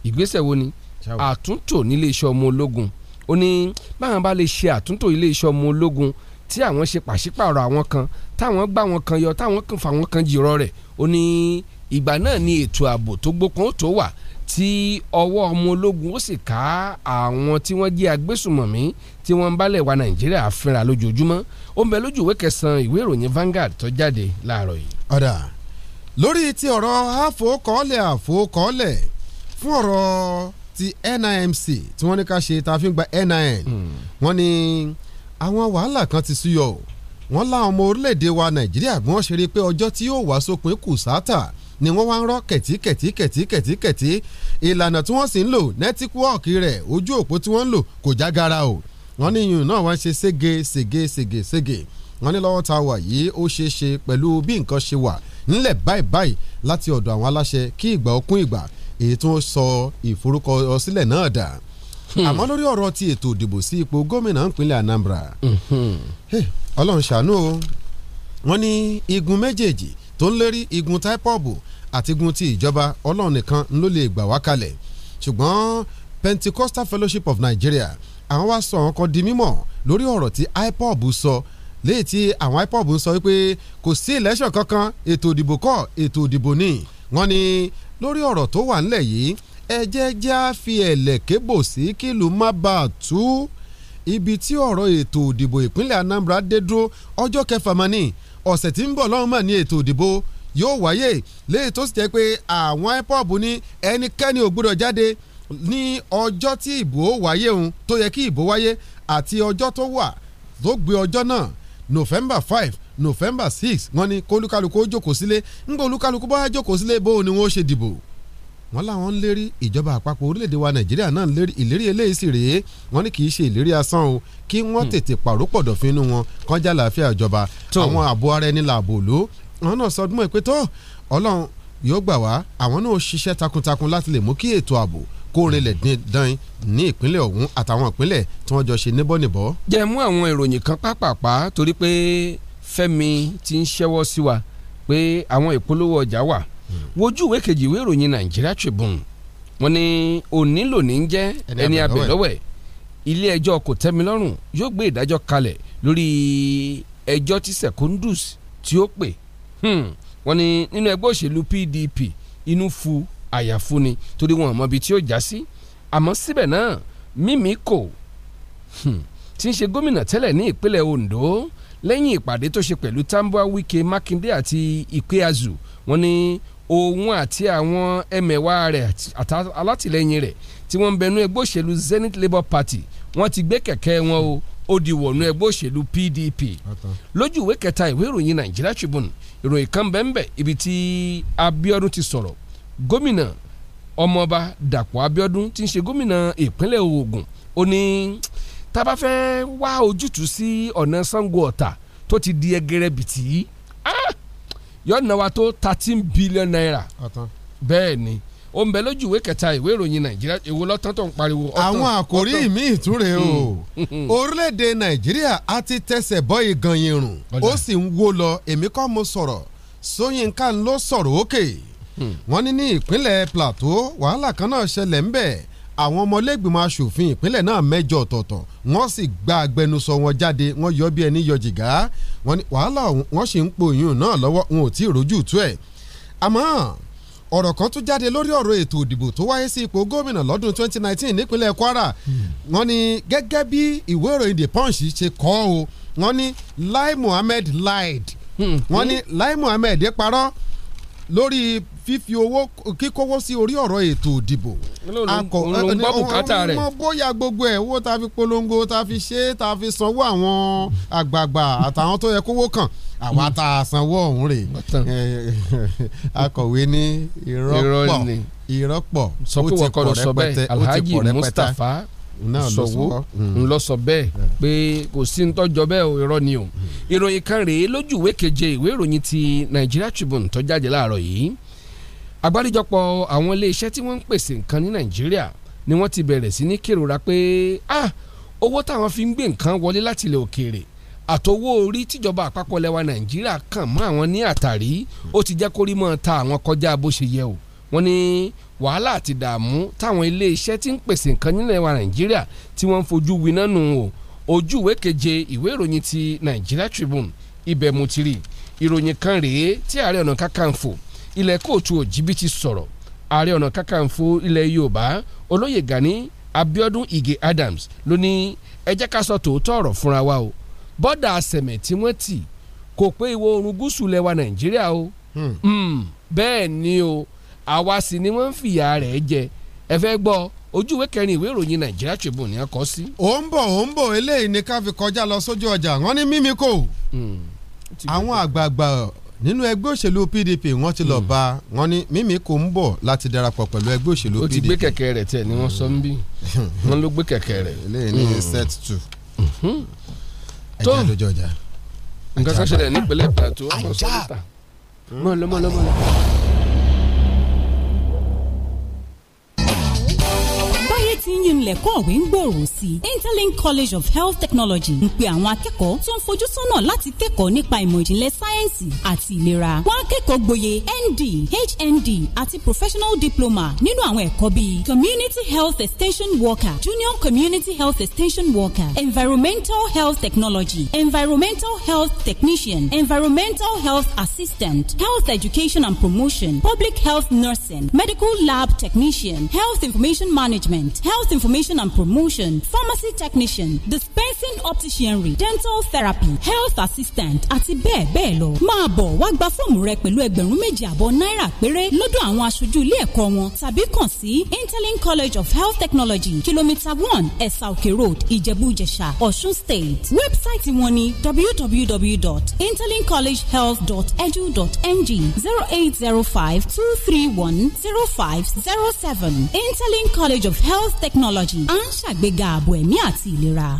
ìgbésẹ̀ wo ni àtúntò nílé iṣẹ́ ọmọ ológun ó ní báwọn bá lè ṣe àtúntò ilé iṣẹ́ ọmọ ológun tí àwọn ṣe pàṣípààrọ̀ àwọn kan táwọn gbà wọn kan yọ táwọn kan fà wọn kan jìrọ rẹ̀ ó ní ìgbà náà ni ètò ààbò tó gbókun ó tó wà tí ọwọ́ ọmọ ológun ó sì ká àwọn tí wọ́n jẹ́ agbésùmọ̀mí tí wọ́n ń bálẹ̀ wa nàìjíríà fínra lójoojúmọ́ ó ń bẹ lójú ìwé kẹsàn-án ìwé ìròyìn Vanguard tó jáde láàárọ̀ yìí. ọ̀dà lórí ti ọ̀rọ̀ àfòkọ́lẹ̀ àfòkọ́lẹ̀ fún ọ̀rọ̀ ti NIMC tí wọ́n ní ká ṣe tá fi ń gba NIN hmm. wọ́n ní àwọn wàhálà kan ti súyọ wọ́n láwọn ọmọ orílẹ̀-èdè wa nàìjíríà bí wọ́n pé ọjọ́ tí yóò wá sópin kù sáátà ni wọ́n wá ń rọ́ kẹ̀tíkẹ̀tíkẹ̀tíkẹ̀tíkẹ̀tí ìlànà tí wọ́n sì ń lò nẹ́tíwọ́ọ̀kì rẹ̀ ojú òpó tí wọ́n ń lò kò já gara o wọ́n ní iyùn náà wọ́n ṣe sége sége sége sége wọ́n ní lọ́wọ́ tá a wà yìí ó ṣeé ṣe pẹ̀lú bí nǹkan ṣe wà ńlẹ̀ báyìí báyìí láti ọ̀dọ̀ àwọn aláṣẹ kí ìgbà ó kún ìgbà èyí tó sọ ìforúkọsílẹ̀ náà dà hmm. àmọ́ lórí ọ̀rọ̀ ti ètò ìdìbò sí ipò gómìnà ìpínlẹ̀ Anambra hmm. ọlọ́run ṣàánú o wọ́n ní igun méjèèjì tó ń lérí igun táípọ́ọ̀bù àti igun ti ìjọba ọlọ́run nìkan ló lè gbà wá kalẹ̀ ṣùgbọ́n Pentecostal Fellowship of Nigeria àwọn wá sọ àwọn kan di mímọ̀ lórí ọ̀rọ̀ tí IPOB sọ léyìí tí àwọn IPOB sọ wípé kò sí election kankan ètò ìdìbò kọ́ ètò ìdìbò ni wọ́n ní lórí ọ̀rọ̀ tó wà nílẹ̀ yìí ẹ jẹ́ á fi ẹ̀lẹ̀kẹ́ bò sí kí ìlú má bàa tú ibi tí ọ̀rọ̀ ètò ìdìbò ìpínlẹ̀ Anambra dé dúró ọjọ́ kẹfà mọ́ ni ọ̀sẹ̀ tí ń bọ̀ lọ́hùn mọ̀ ní ètò ìdìbò yóò wáyé léyìí tó sì jẹ́ pé àwọn IPOB ní ẹnikẹ́ni ò gbúdọ̀ jáde ní ọjọ́ tí ìbò wáyé òun tó yẹ kí ìbò wáyé àti ọjọ́ tó wà tó gbé ọjọ́ náà November five November six wọ́n ní kólúkálukú ó jókòó sílé ńgbà olúkálukú bá jókòó sílé bó ni wọ́n ṣe dìbò wọ́n láwọn ń lérí ìjọba àpapọ̀ orílẹ̀-èdè wa nàìjíríà náà ń lérí ìlérí eléyìí sì rèé wọ́n ní kì í ṣe ìlérí asán o kí wọ́n hmm. tètè pàrọ̀ pọ̀dọ̀ fínú wọn kọjá làáfíà ìjọba àwọn ààbò ara ẹni làbò ló wọn náà sọdún ẹ pé tó ọlọ́run yóò gbà wá àwọn náà ṣiṣẹ́ takuntakun láti lè mú kí ètò ààbò kó rinlẹ̀ dín ní ìpínlẹ̀ ọ̀hún àtàwọn ìpínlẹ̀ tí wọ́n jọ ṣe níbọ̀nìbọ̀. jẹ́ mú àwọn ìròyìn kan pápápá torí pé Fẹ́mi ti ń ṣẹ́wọ́ sí wa pé àwọn ìpolówó ọjà wà wojú ìwé kejì ìwé ìròyìn Nigeria Tribune wọ́n ní òní lòní ń jẹ́ ẹni abẹ lọ́wẹ̀ ilé ẹjọ́ kòtẹ́milọ́rùn yóò gbé ìdájọ́ kalẹ̀ lórí ẹjọ́ tí Secondus tí ó pè hmm. wọ́n ní nínú ẹgbẹ́ òṣèlú PDP inú fu àyàfu ni torí wọn mọ ibi tí ó já sí àmọ́ síbẹ̀ náà Mímíkò hmm. tí ń ṣe gómìnà tẹ́lẹ̀ ní ìpínlẹ̀ Ondo lẹ́yìn ìpàdé tó ṣe pẹ̀lú Tambuwa Wike Makinde àti Ikpeazu wọ́n ní òun àti àwọn ẹmẹ̀wà rẹ̀ alátìlẹyìn rẹ̀ tí wọ́n ń bẹnu ẹgbẹ́ òṣèlú Zenith Labour Party wọ́n ti gbé kẹ̀kẹ́ wọn o ó di wọ̀nú ẹgbẹ́ òṣèlú PDP lójú ìwé kẹta ìwé ìròyìn Nigeria Tribune ìròyìn kan bẹ́ẹ̀ ibi tí Abiodun ti sọ̀rọ̀ gómìnà ọmọọba Dàpọ̀ Abiodun ti ń ṣe gómìnà ìpínlẹ̀ Ògùn ó ní tá bá fẹ́ wá ojútùú sí ọ̀nà Sango Ọ̀tà tó ti di ẹgẹrẹ bìtì ah yóò ná wa tó thirteen billion naira bẹ́ẹ̀ ni ó ń bẹ lójú ìwé kẹta ìwé ìròyìn nàìjíríà èwo lọ́tàn tó ń pariwo. àwọn àkòrí míì ìtúre o hmm. orílẹ̀-èdè nàìjíríà á ti tẹsẹ̀ bọ́ igan yìí rùn ó sì ń wó lọ èmi kọ́ mo sọ̀rọ̀ Ṣóyínká ló sọ̀rọ̀ òkè hmm. wọ́n ní ní ìpínlẹ̀ Plateau wàhálà kan náà ṣẹlẹ̀ ń àwọn ọmọlẹ́gbìmọ̀ asòfin ìpínlẹ̀ náà mẹ́jọ ọ̀tọ̀ọ̀tọ̀ wọ́n sì gba agbẹnusọ wọn jáde wọ́n yọ bí ẹni yọ wọ́n ní wàhálà wọ́n sì ń po ìyún náà lọ́wọ́ wọn ò tí ì rójú tú ẹ̀. àmọ́ ọ̀rọ̀ kan tún jáde lórí ọ̀rọ̀ ètò ìdìbò tó wáyé sí ipò gómìnà lọ́dún 2019 nípínlẹ̀ Kwara hmm. wọ́n ní gẹ́gẹ́ bí ìwé ìròyìn The Punch ṣe kọ o wọ́n ní Lai Muhammed lied hmm. wọ́n ní Lai Muhammed parọ́ lórí fífi owó kíkówó sí orí ọ̀rọ̀ ètò ìdìbò. akọ ọmọ eh, eh, bóyá gbogbo ẹ̀ owó ta fi polongo ta fi ṣe ta fi sanwó àwọn àgbààgbà àtàwọn tó yẹ kówó kàn àwa tá a sanwó ọ̀hún rè eh, akọ̀wé ní ìrọ́pọ̀ ìrọ́pọ̀ ó ti pọ̀ rẹpẹtẹ ó ti pọ̀ rẹpẹtẹ hmm. bẹ́ẹ̀ pé kò sí ń tọ́jọ́ bẹ́ẹ̀ o irọ́ ni o hmm. ìròyìn kan rèé lójú ìwé keje ìwé ìròyìn ti Nigeria Tribune tó jáde láàárọ̀ yìí àgbáríjọpọ̀ àwọn iléeṣẹ́ tí wọ́n ń pèsè nǹkan ní nàìjíríà ni wọ́n ti bẹ̀rẹ̀ sí ní kérora pé ah owó táwọn fi ń gbé nǹkan wọlé láti ilẹ̀ òkèèrè àtowó orí tíjọba àpapọ̀ lẹwa nàìjíríà kàn mọ́ àwọn ní àtàrí ó ti jẹ́ kórí mọ́ ta àwọn kọjá bó ṣe yẹ o wọ́n ní wàhálà àti dààmú táwọn iléeṣẹ́ tí ń pèsè nǹkan nílẹ̀ wa nàìjíríà tí wọ́n ń fojú winá nù o ojú ìwé keje ìwé ìròyìn ti Nigeria Tribune ibẹ̀ mo ti rí ìròyìn kan rèé tí ààrẹ ọ̀nà kakanfò ilẹ̀ kóòtù òjìbìtì sọ̀rọ̀ ààrẹ ọ̀nà kakanfò ilẹ̀ yorùbá olóyè gani abiodun ige adams ló ní ẹ jẹ́ ká sọ tòótọ́ ọ̀rọ̀ fúnra wa o bọ́dà àsẹ̀mẹ̀ tí wọ́n tì kò pé ìwọ̀ oorun gúúsù lẹwa nàìjíríà o hmm. Hmm, bẹ́ẹ̀ ni o àwa sì ni wọ́n ń fìyà rẹ̀ jẹ ẹ fẹ́ gbọ́ ojúwe kẹrin ìwé ìròyìn nàìjíríà tribune ni a kọ sí. ò ń bọ̀ ò ń bọ̀ eléyìí ni ká fi kọjá lọ sójú ọjà wọ́n ní mímíkò hmm. àwọn àgbààgbà nínú ẹgbẹ́ òṣèlú PDP wọ́n ti lọ hmm. bá wọn ní mímí kò ń bọ̀ láti darapọ̀ pẹ̀lú ẹgbẹ́ òṣèlú PDP. ó ti gbé kẹ̀kẹ́ rẹ̀ tẹ̀ ni wọ́n sọ ń bí wọ́n ló gbé kẹ̀kẹ́ rẹ̀. eléyìí ní hmm. set two. Hmm. ẹja lójó ọjà. nǹkan kan ṣẹlẹ̀ nípínlẹ̀ Plateau ọmọ sọ́dọ̀tà mọ́ lọ́mọ́ lọ́mọ́ lọ́mọ́. ilẹ̀kùn ọ̀wé ń gbòòrò sí i interlink college of health technology ń pe àwọn akẹ́kọ̀ọ́ tó ń fojú sọ́nà láti kẹ́kọ̀ọ́ nípa ìmọ̀ ìjìnlẹ̀ sáyẹ́ǹsì àti ìlera wọ́n akẹ́kọ̀ọ́ gboyè nd hnd àti professional diploma nínú àwọn ẹ̀kọ́ bíi community health extension worker junior community health extension worker environmental health technology environmental health technician environmental health assistant health education and promotion public health nursing medical lab technician health information management health information information and promotion, pharmacy technician, dispensing opticianry, dental therapy, health assistant àti bẹ́ẹ̀ bẹ́ẹ̀ lọ. Máa bọ̀ wá gba fọ́ọ̀mù rẹ pẹ̀lú ẹgbẹ̀rún méjì àbọ̀ náírà péré lọ́dọ̀ àwọn aṣojú ilé ẹ̀kọ́ wọn tàbí kàn sí Interlink College of Health Technology, Kilomita one Ẹ̀sà Òkè Road, Ìjẹ̀bú-Ìjẹ̀sà, Ọ̀ṣun State. Wẹ́bsáìtì wọn ni www.interlinkcollegehealth.edu.ng zero eight zero five two three one zero five zero seven Interlink College of Health Technology technology à ń ṣàgbéga ààbò ẹ̀mí àti ìlera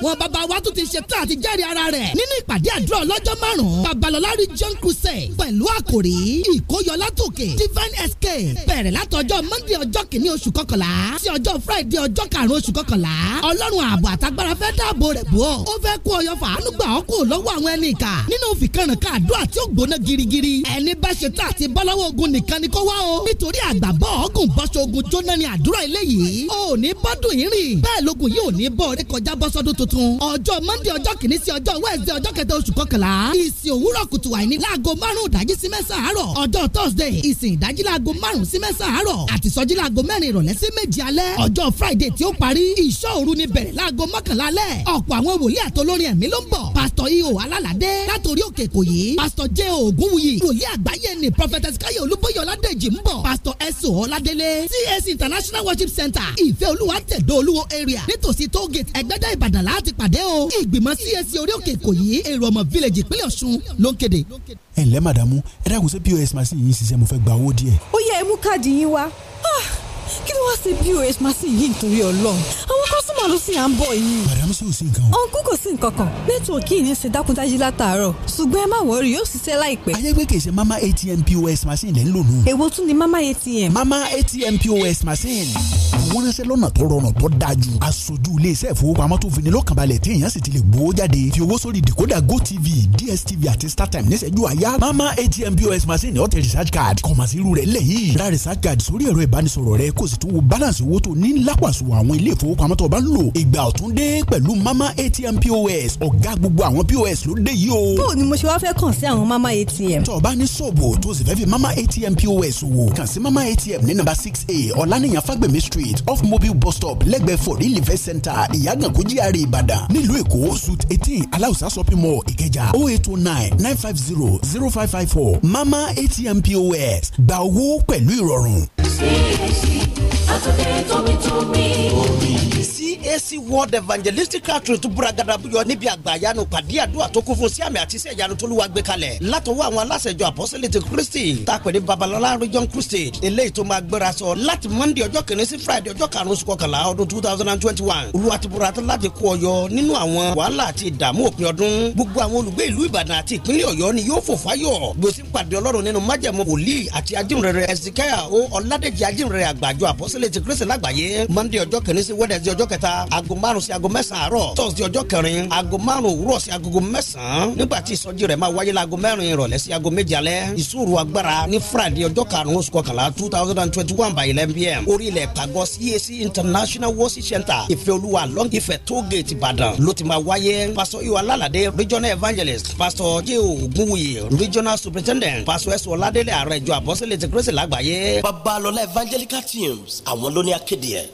náà wọn bàbá wa tún ti ṣe tán àti jẹ́rìí ara rẹ̀ nínú ìpàdé àdúrà ọlọ́jọ́ márùn-ún babalọ́lá region crusade pẹ̀lú àkòrí ìkóyọlátòkè divine escape bẹ̀rẹ̀ látọjọ́ monday ọjọ́ kìíní oṣù kọkànlá sí ọjọ́ friday ọjọ́ karùn-ún oṣù kọkànlá ọlọ́run ààbò àtagbára fẹ́ dáàbò rẹ̀ bò ó ó fẹ́ kó ọyọ fàánú gbà ọ́ kó lọ́wọ́ àwọn ẹni ìka nínú fìkànnà ká àdúrà tí ó gbóná girigiri ẹni bá ṣe tá àti bọ́lọ́wọ́ ogun nìkan ni kó wá o nítorí àgbàbọ̀ ọ̀gùn bọ́ṣọ ogun jóná ni àdúrà eléyìí ò ní bọ́dún yìí rìn bẹ́ẹ̀ lógun yìí ò bọ́ ọ̀rẹ́ kọjá bọ́sọ́dún t tuntun ọjọ́ mọ́ndé ọjọ́ kìíní sí ọjọ́ wẹ́ẹ̀sì ọjọ́ kẹta oṣù kọkànlá ìsìn òwúrọ̀ kùtù àìní láago márùn-ún ìdájí sí mẹ́sàn àárọ̀ ọjọ́ thursday ìsìn ìdájí láago márùn-ún sí mẹ́sàn àárọ̀ àtisọjí láago mẹ́rin ìrọ̀lẹ́ sí méje alẹ́ ọjọ́ friday tí ó parí ìṣọ́ òru ni bẹ̀rẹ̀ láago mọ́kànlá alẹ́ ọ̀pọ̀ àwọn wòlíì àtolórin ẹ̀mí ló ń bọ̀ pásítọ̀ ihò e alálàdé látòrí òkè kò yìí pásítọ̀ jẹ́ ògúnwùyí wòlíì àgbáyé ni prophetess káyọ̀ olúbóyè international worship center ìfẹ́ olúwa area nítòsí tollgate ẹgbẹ́dá ìbàdàn láti pàdé o ìgbìmọ̀ CAC orí òkè ìkòyí èrò ọmọ village ìpínlẹ̀ ọ̀ṣun ló ń kéde. ẹ màdàmú ẹ dákun sí pos machine yìí ṣiṣẹ́ mo fẹ́ gba owó díẹ̀. ó yẹ ẹ mú káàdì yín wá ah, kí ló wá sí pos machine yìí nítorí ọlọ́run àwọn kọ́sùmọ̀ ló sì à ń bọ̀ yìí. màdàmú sì ò sí nǹkan o. ọ̀nkú kò sí nǹkan kan nẹ́tíwọ̀kì yìí ń ṣe dákúndájí látàárọ̀ ṣùgbọ́n ẹ má wọrí yóò ṣiṣẹ́ láìpẹ́. ayégbé kì mama atm pos machine lẹ́ ń lò nù. èwo tún ni mama atm. mama atm pos machine wọ́n ránṣẹ́ lọ́nà tó rọrùn tó dájú. aṣojú iléeṣẹ́ ìfowópamọ́ tó fini lọ́kànbalẹ̀ tí èèyàn sì ti lè gbowó jáde fi owó sórí decoder gotv dstv àti startime níṣẹ́jú àyà mama atm pos machine ọ̀tẹ̀ recharge card kọ̀mọ̀ rẹ̀ lẹ́yìn. ra recharge card sórí ẹ̀rọ ìbánisọ̀rọ̀ rẹ kó sì tún wo balance owó tó ní lápàṣù àwọn ilé ìfowópamọ́ tó bá ń lò. ìgbà ọ̀tún fagbemi street left off mobile bus stop lẹ́gbẹ̀ẹ́ for real event center ìyàgànkó GRA ìbàdàn nílùú èkó suit eighteen aláùsá shopping mall ìkẹjà oh eight oh nine nine five zero zero five five four mama atm pos gba owó pẹ̀lú ìrọ̀rùn. CAC World Evangelistic Outreach tún búragàdà yọ níbi àgbà àyánu pàdé àdúrà tó kún fún sí àmì àti iṣẹ́ ìyanu tó lùwà gbé kalẹ̀ látọwọ́ àwọn aláṣẹ apọ́sẹ̀lẹ̀tì Kristi tá a pè ní Babalọlá region Kristi eléyìí tó máa gbéra sọ láti Monday ọjọ́ kìíní sí Friday ọjọ́ karùn-ún oṣù kọkànlá ọdún two thousand and twenty one olúwa ti búra tán láti kó ọyọ nínú àwọn wàhálà àti ìdààmú òpin ọdún gbogbo àwọn olùgbé ìlú ìbàdàn àti ìpínlẹ̀ ọ̀yọ́ ni yóò fò fáyọ̀ bí pàdé ọlọ́run nínú májẹ̀mú wòlíì àti ajínrere ẹ̀sìkáyà ó ọ̀làdẹ̀jì ajínrere àgbàjọ àpọ́sílẹ̀ ti kérésì lágbàáyé monday ọjọ́ kẹrin by eleven pm sí CAC International Worship Center ìfẹ́olúwa long Ifẹ̀ toll gate Ìbàdàn ló ti máa wáyé pásọ ìwà alálàdé regional evangelist Pastor j ògúnwùyè regional superintendent Pastor ẹsọ ọládélé ààrẹ ìjọ àbọ̀sẹ̀lẹ̀ ti grace lágbàáyé. babalọla evangelical teams àwọn ló ní akéde yẹn.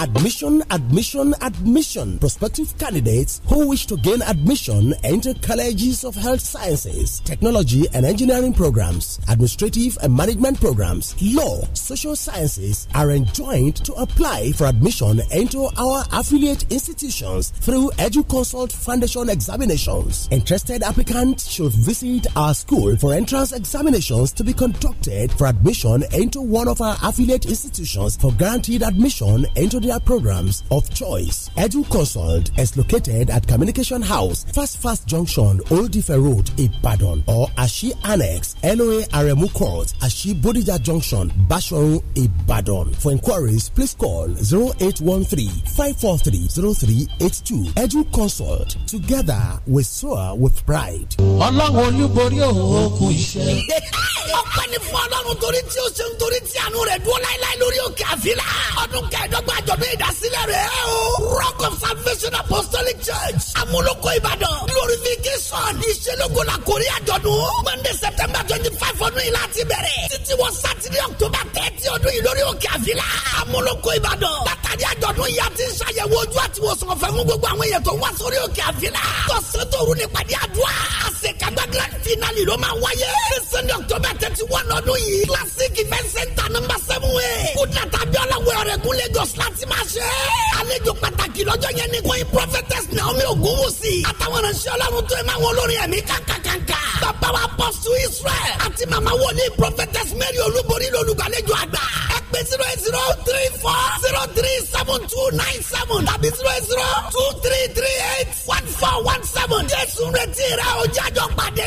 Admission, admission, admission. Prospective candidates who wish to gain admission enter colleges of health sciences, technology and engineering programs, administrative and management programs, law, social sciences are enjoined to apply for admission into our affiliate institutions through EduConsult Foundation examinations. Interested applicants should visit our school for entrance examinations to be conducted for admission into one of our affiliate institutions for guaranteed admission into the media programs of choice. Edu Consult is located at Communication House, Fast Fast Junction, Old Ife Road, Ibadan, or Ashi Annex, LOA Aremu Court, Ashi Bodija Junction, Bashorun, Ibadan. For inquiries, please call 0813 543 0382. Edu Consult, together we soar with pride. fún ọlọ́run torí tí ó ṣe ń torí tí àánú rẹ̀ dúró láéláé lórí òkè àfilà ọdún kẹẹ̀ẹ́dọ́gba àjọ tàbí ìdásílẹ̀ rẹ̀ o. rock of salvation apostolic church amúlòkọ ìbàdàn glorification ìṣelógo la kórí àjọ̀dún. monday september twenty five ọdún yìí láti bẹ̀rẹ̀. títí wọ sátidé october thirty ọdún yìí lórí òkè àfilà. amúlòkọ ìbàdàn látàrí àjọ̀dún yìí àti ìṣàyẹ̀wò ojú àti ìwòsàn ọ̀fẹ́ fún gbogbo àwọn èèyàn tó wá sórí òkè àfilà. tọ̀sán tòru ní pàdé àdúrà. àṣekágbá grand finale ló máa wáyé. sunday october thirty one ọdún yìí. classic event center number seven way. kúndàtà bíọ́lá wẹ̀rẹ̀ gún lagos láti máa ṣe é. àlejò pàtàkì lọ́jọ́ yẹn ni kóyin prophetess naomi ogunwusi àtàwọn ìránṣẹ́ ọlọ́run tó yẹ máa wọ lórí ẹ̀mí kàkàkàkà. bàbá wa apọ́sù israel àti màmá wòlíì prophetess mary olúborí lolùgbàlejò àgbà. ẹ pè zero eight zero three four zero three seven two nine seven tàbí zero eight zero two three three eight one four one seven. jésù retí rẹ o jájọ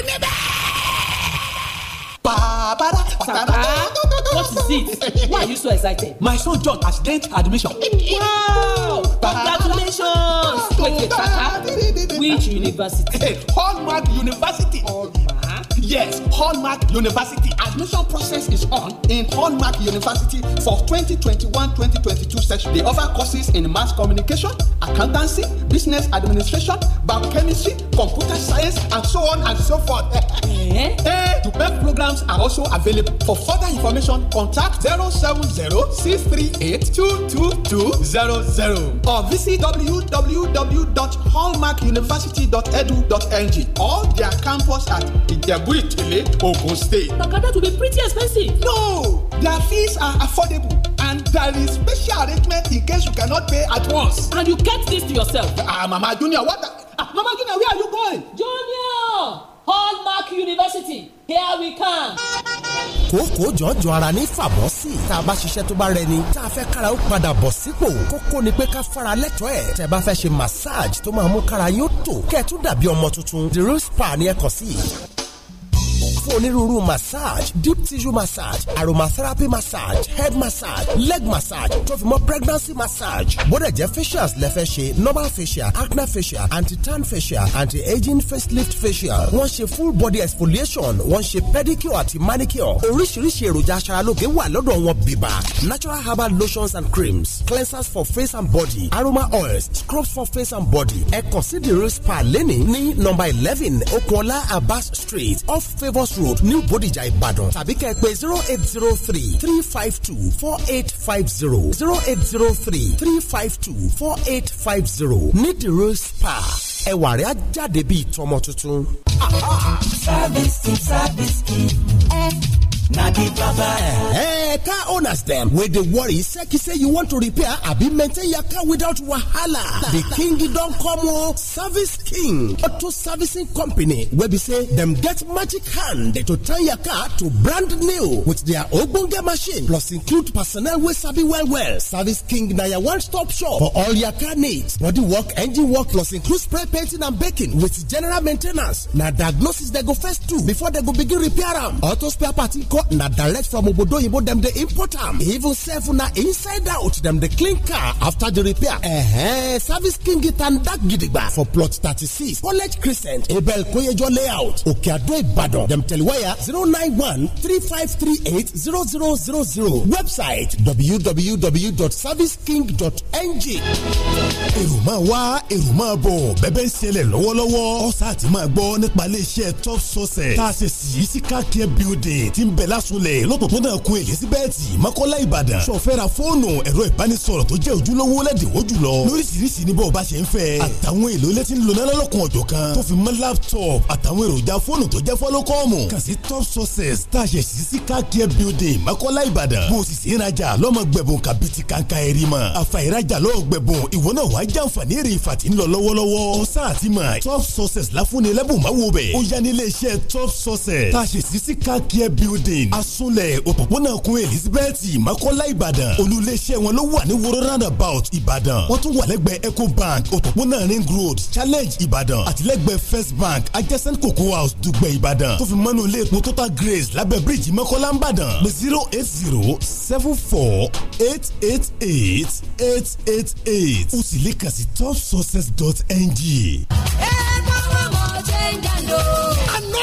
níbẹ̀. What is it? Why are you so excited? My son John has gained admission. Wow! Congratulations! Wait, Which university? Hey, Hallmark University. Yes, Hallmark University admission process is on in Hallmark University for 2021-2022 session. They offer courses in mass communication, accountancy, business administration, biochemistry, computer science, and so on and so forth. eh? Eh, the programs are also available. For further information, contact 070-638-22200 or visit www.hallmarkuniversity.edu.ng or their campus at Ijebu ìyàwó ìtẹ̀lé Ogun State. Makada to be pretty expensive. No, their fees are affordable and there is special arrangement in case you cannot pay at once. And you kept this to yourself. Ah, uh, Mama Junior, what? Ah, uh, Mama Junior, where are you going? Junior, Hallmark University, here we come. kókó jọjọ ara ní fàbọ́ sí i tá a bá ṣiṣẹ́ tó bá rẹ tá a fẹ́ kára ó padà bọ̀ sípò kókó ni pé ká fara lẹ́tọ̀ọ́ ẹ̀ tẹ́ bá fẹ́ ṣe massage tó máa mú kára yóò tò kẹ́ẹ̀ dàbí ọmọ tuntun the real spa ni ẹ kàn sí i fún onírúurú massage deep tissue massage aromatherapy massage head massage leg massage tó fi pregnancy massage bódẹ̀ jẹ́ facials lẹ́fẹ́ ṣe normal facial acne facial anti-tan facial anti-aging facelift facial wọ́n ṣe full body exfoliation wọ́n ṣe pedicure àti manicure oríṣiríṣi èròjà aṣaralóge wà lọ́dọ̀ wọn bíbá natural herbal lotions and creams cleansers for face and body aroma oils scrubs for face and body ẹ kàn sí the real spa lẹ́ni ní nọ́mbà eleven okunola abas street off favour Cross Road New Bodija Ìbàdàn tàbí kẹ́ pé zero eight zero three three five two four eight five zero zero eight zero three three five two four eight five zero nídìrú spa ẹwà rẹ̀ á jáde bíi tọmọ tuntun. service team service team. na di baba ehh car owners dem wey dey worry seki say you want to repair abi maintain your car without wahala di king don come o oh, service king auto servicing company wey be say dem get magic hand to turn your car to brand new with their ogbonge machine plus include personnel wey sabi well well service king na your one stop shop for all your car needs body work engine work plus include spray painting and baking with general maintenance na diagnosis dem go first do before dem go begin repair am auto spare parts. na direct from obodo oyibo dem dey import am even sef na inside out dem dey clean car after the repair -huh. service king tanda gidigba for plot thirty-six college crescent abel koyejo layout okeado ibadan dem telewire ah? zero nine one three five three eight zero zero zero zero website www.serviceking.ng. èrò máa wá èrò máa bọ̀ bẹ́bẹ́ ń ṣẹlẹ̀ lọ́wọ́lọ́wọ́ ọ̀sà àti máa gbọ́ nípa iléeṣẹ́ top sources tá a ṣe sí sí káàkiri building ti ń bẹ bẹ̀ lásunlẹ̀ lọ́pọ̀pọ̀nà kun elizabeth mọ́kọ́lá ìbàdàn sọ̀fẹ́ra fóònù ẹ̀rọ ìbánisọ̀rọ̀ tó jẹ́ ojúlówó lẹ́dínwó jùlọ lóríṣiríṣi ní bá ṣe ń fẹ́ àtàwọn èlò ilé tí ń ọ̀jọ̀ kan tó fi mọ́ laptop àtàwọn èròjà fóònù tó jẹ́ fọ́lọ́kọ́ọ̀mù kàn sí top sources tàṣẹ sísí káàkiri building mọ́kọ́lá ìbàdàn bó o sì sí ìrajà lọ́mọ gbẹ̀bùn kàbìtì kàǹkà ẹ̀rì mọ́ àfà ìrajà lọ́ọ̀ gbẹ̀bùn ìwọ náà wàá jàǹfààní èrè ìfàtí ń lọ sources láfúnni lẹ́bùn máwo bẹ̀ ó yá nílé iṣẹ́ top sources tàṣẹ sísí building building asunlẹ̀ òpópónà kun elizabeth makola ìbàdàn olùléeṣẹ́ wọn ló wà ní woro roundabout ìbàdàn wọ́n tún wà lẹ́gbẹ̀ẹ́ ecobank òpópónà ring road challenge ìbàdàn àtìlẹ́gbẹ̀ẹ́ first bank adjacent cocoa house dùgbẹ̀ ìbàdàn tó fi mọ́nú ilé epo total grace lábẹ́ bíríìjì makola ìbàdàn pé zero eight zero seven four eight eight eight eight eight eight o sì lè kàn sí topsuccess.ng. ẹ máa wá mọ̀ change and go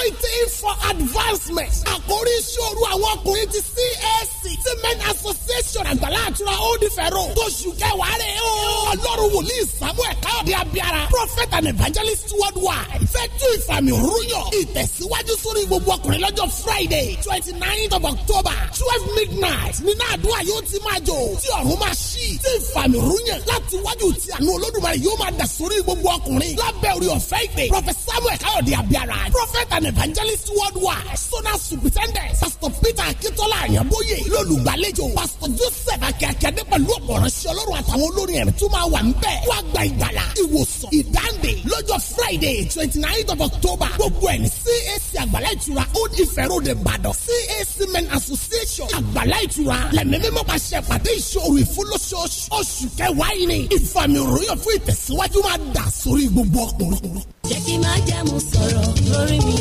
fighting for advancement. àkórí ìṣòro àwọn ọkùnrin ti CAC ti men association àgbàlá àtura old fero tóṣù kẹwàá rẹ̀ o. ọlọ́run wòlíì samuel káyọ̀dé abiyara prophet and evangelist worldwide fẹ́ tú ìfàmì òrùyọ̀ ìtẹ̀síwájú sórí gbogbo ọkùnrin lọ́jọ́ friday twenty nine of october twelve midnight nínú àdúrà yóò ti máa jò tí ọ̀run máa ṣí tí ìfàmì òrùyàn láti wájú tí àánú olódùmarè yóò máa dà sórí gbogbo ọkùnrin lábẹ́ orí ọ̀fẹ́ ìpè prophet samuel káyọ̀dé abiyara prophet and evangelist worldwide sona superintendent pastor peter akintola àyànbóyè lọ́lùgbàlejò pastor joseph akíakíadé pẹ̀lú ọ̀pọ̀ránṣẹ́ ọlọ́run àtàwọn olórin ẹ̀mí tún máa wà níbẹ̀ wá gba ìgbàlà ìwòsàn ìdáǹdè lọ́jọ́ friday twenty nine of october gbogbo ẹ̀ ní cac àgbàlá ìtura old ife road ìbàdàn cac men association àgbàlá ìtura lẹ́mẹ̀mẹ́mọ́ bá ṣe pàdé ìṣòro ìfúnlọ́ṣọ́ọ̀ṣù oṣù kẹwàá yìí ni ìfàmì òròyìn fún ìtẹ̀síwájú máa dà sórí gbogbo ọkùnrin jẹ́ kí má jẹ́ mu sọ̀rọ̀ lórí mi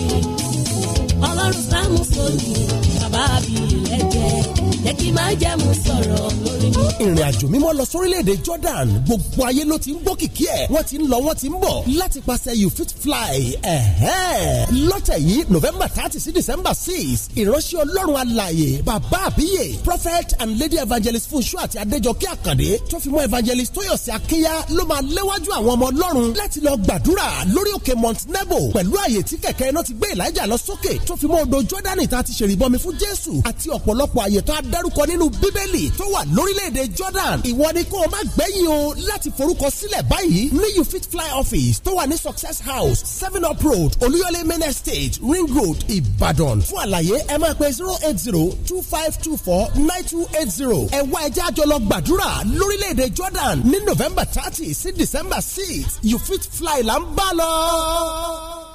ọlọ́run sáà mú sómi má bì í lẹ́jẹ̀ jẹ́ kí má jẹ́ mu sọ̀rọ̀ lórí mi. ìrìn àjò mímọ́ lọ sórílẹ̀‐èdè Jordan gbogbo ayé ló ti ń gbọ́ kìkì ẹ̀ wọ́n ti ń lọ wọ́n ti ń bọ̀ láti pàṣẹ you fit fly lọ́tẹ̀ yìí November thirty sí December six ìránṣẹ́ ọlọ́run alààyè bàbá àbíyè prophet and lady evangelist Fúnṣọ́ àti Adéjọkẹ́ Àkàndé tó fi mọ́ evangelist Tóyọ̀sí Akínyà ló máa léwájú àwọn ọmọ ọlọ́run láti lọ gbàdúrà lórí òkè Mount Nebo pẹ̀lú àyè tí kẹ̀kẹ́ iná ti gbé Èlíjà lọ sókè tó fi mọ́ odò Jordan ta ti ṣèrìbọmi fún jẹ́ jésù àti ọ̀pọ̀lọpọ̀ àyè tó a dárúkọ nínú bíbélì tó wà lórílẹ̀‐èdè jordan ìwọ ni kó o má gbẹ̀yìn o láti forúkọ sílẹ̀ báyìí ní you fit fly office tó wà ní success house seven up road olúyọlé main estate ring road ìbàdàn fún àlàyé ẹ máa pe zero eight zero two five two four nine two eight zero ẹ wá ẹjẹ́ àjọlọ gbàdúrà lórílẹ̀‐èdè jordan ní november thirty sí december six you fit fly là ń bá lọ.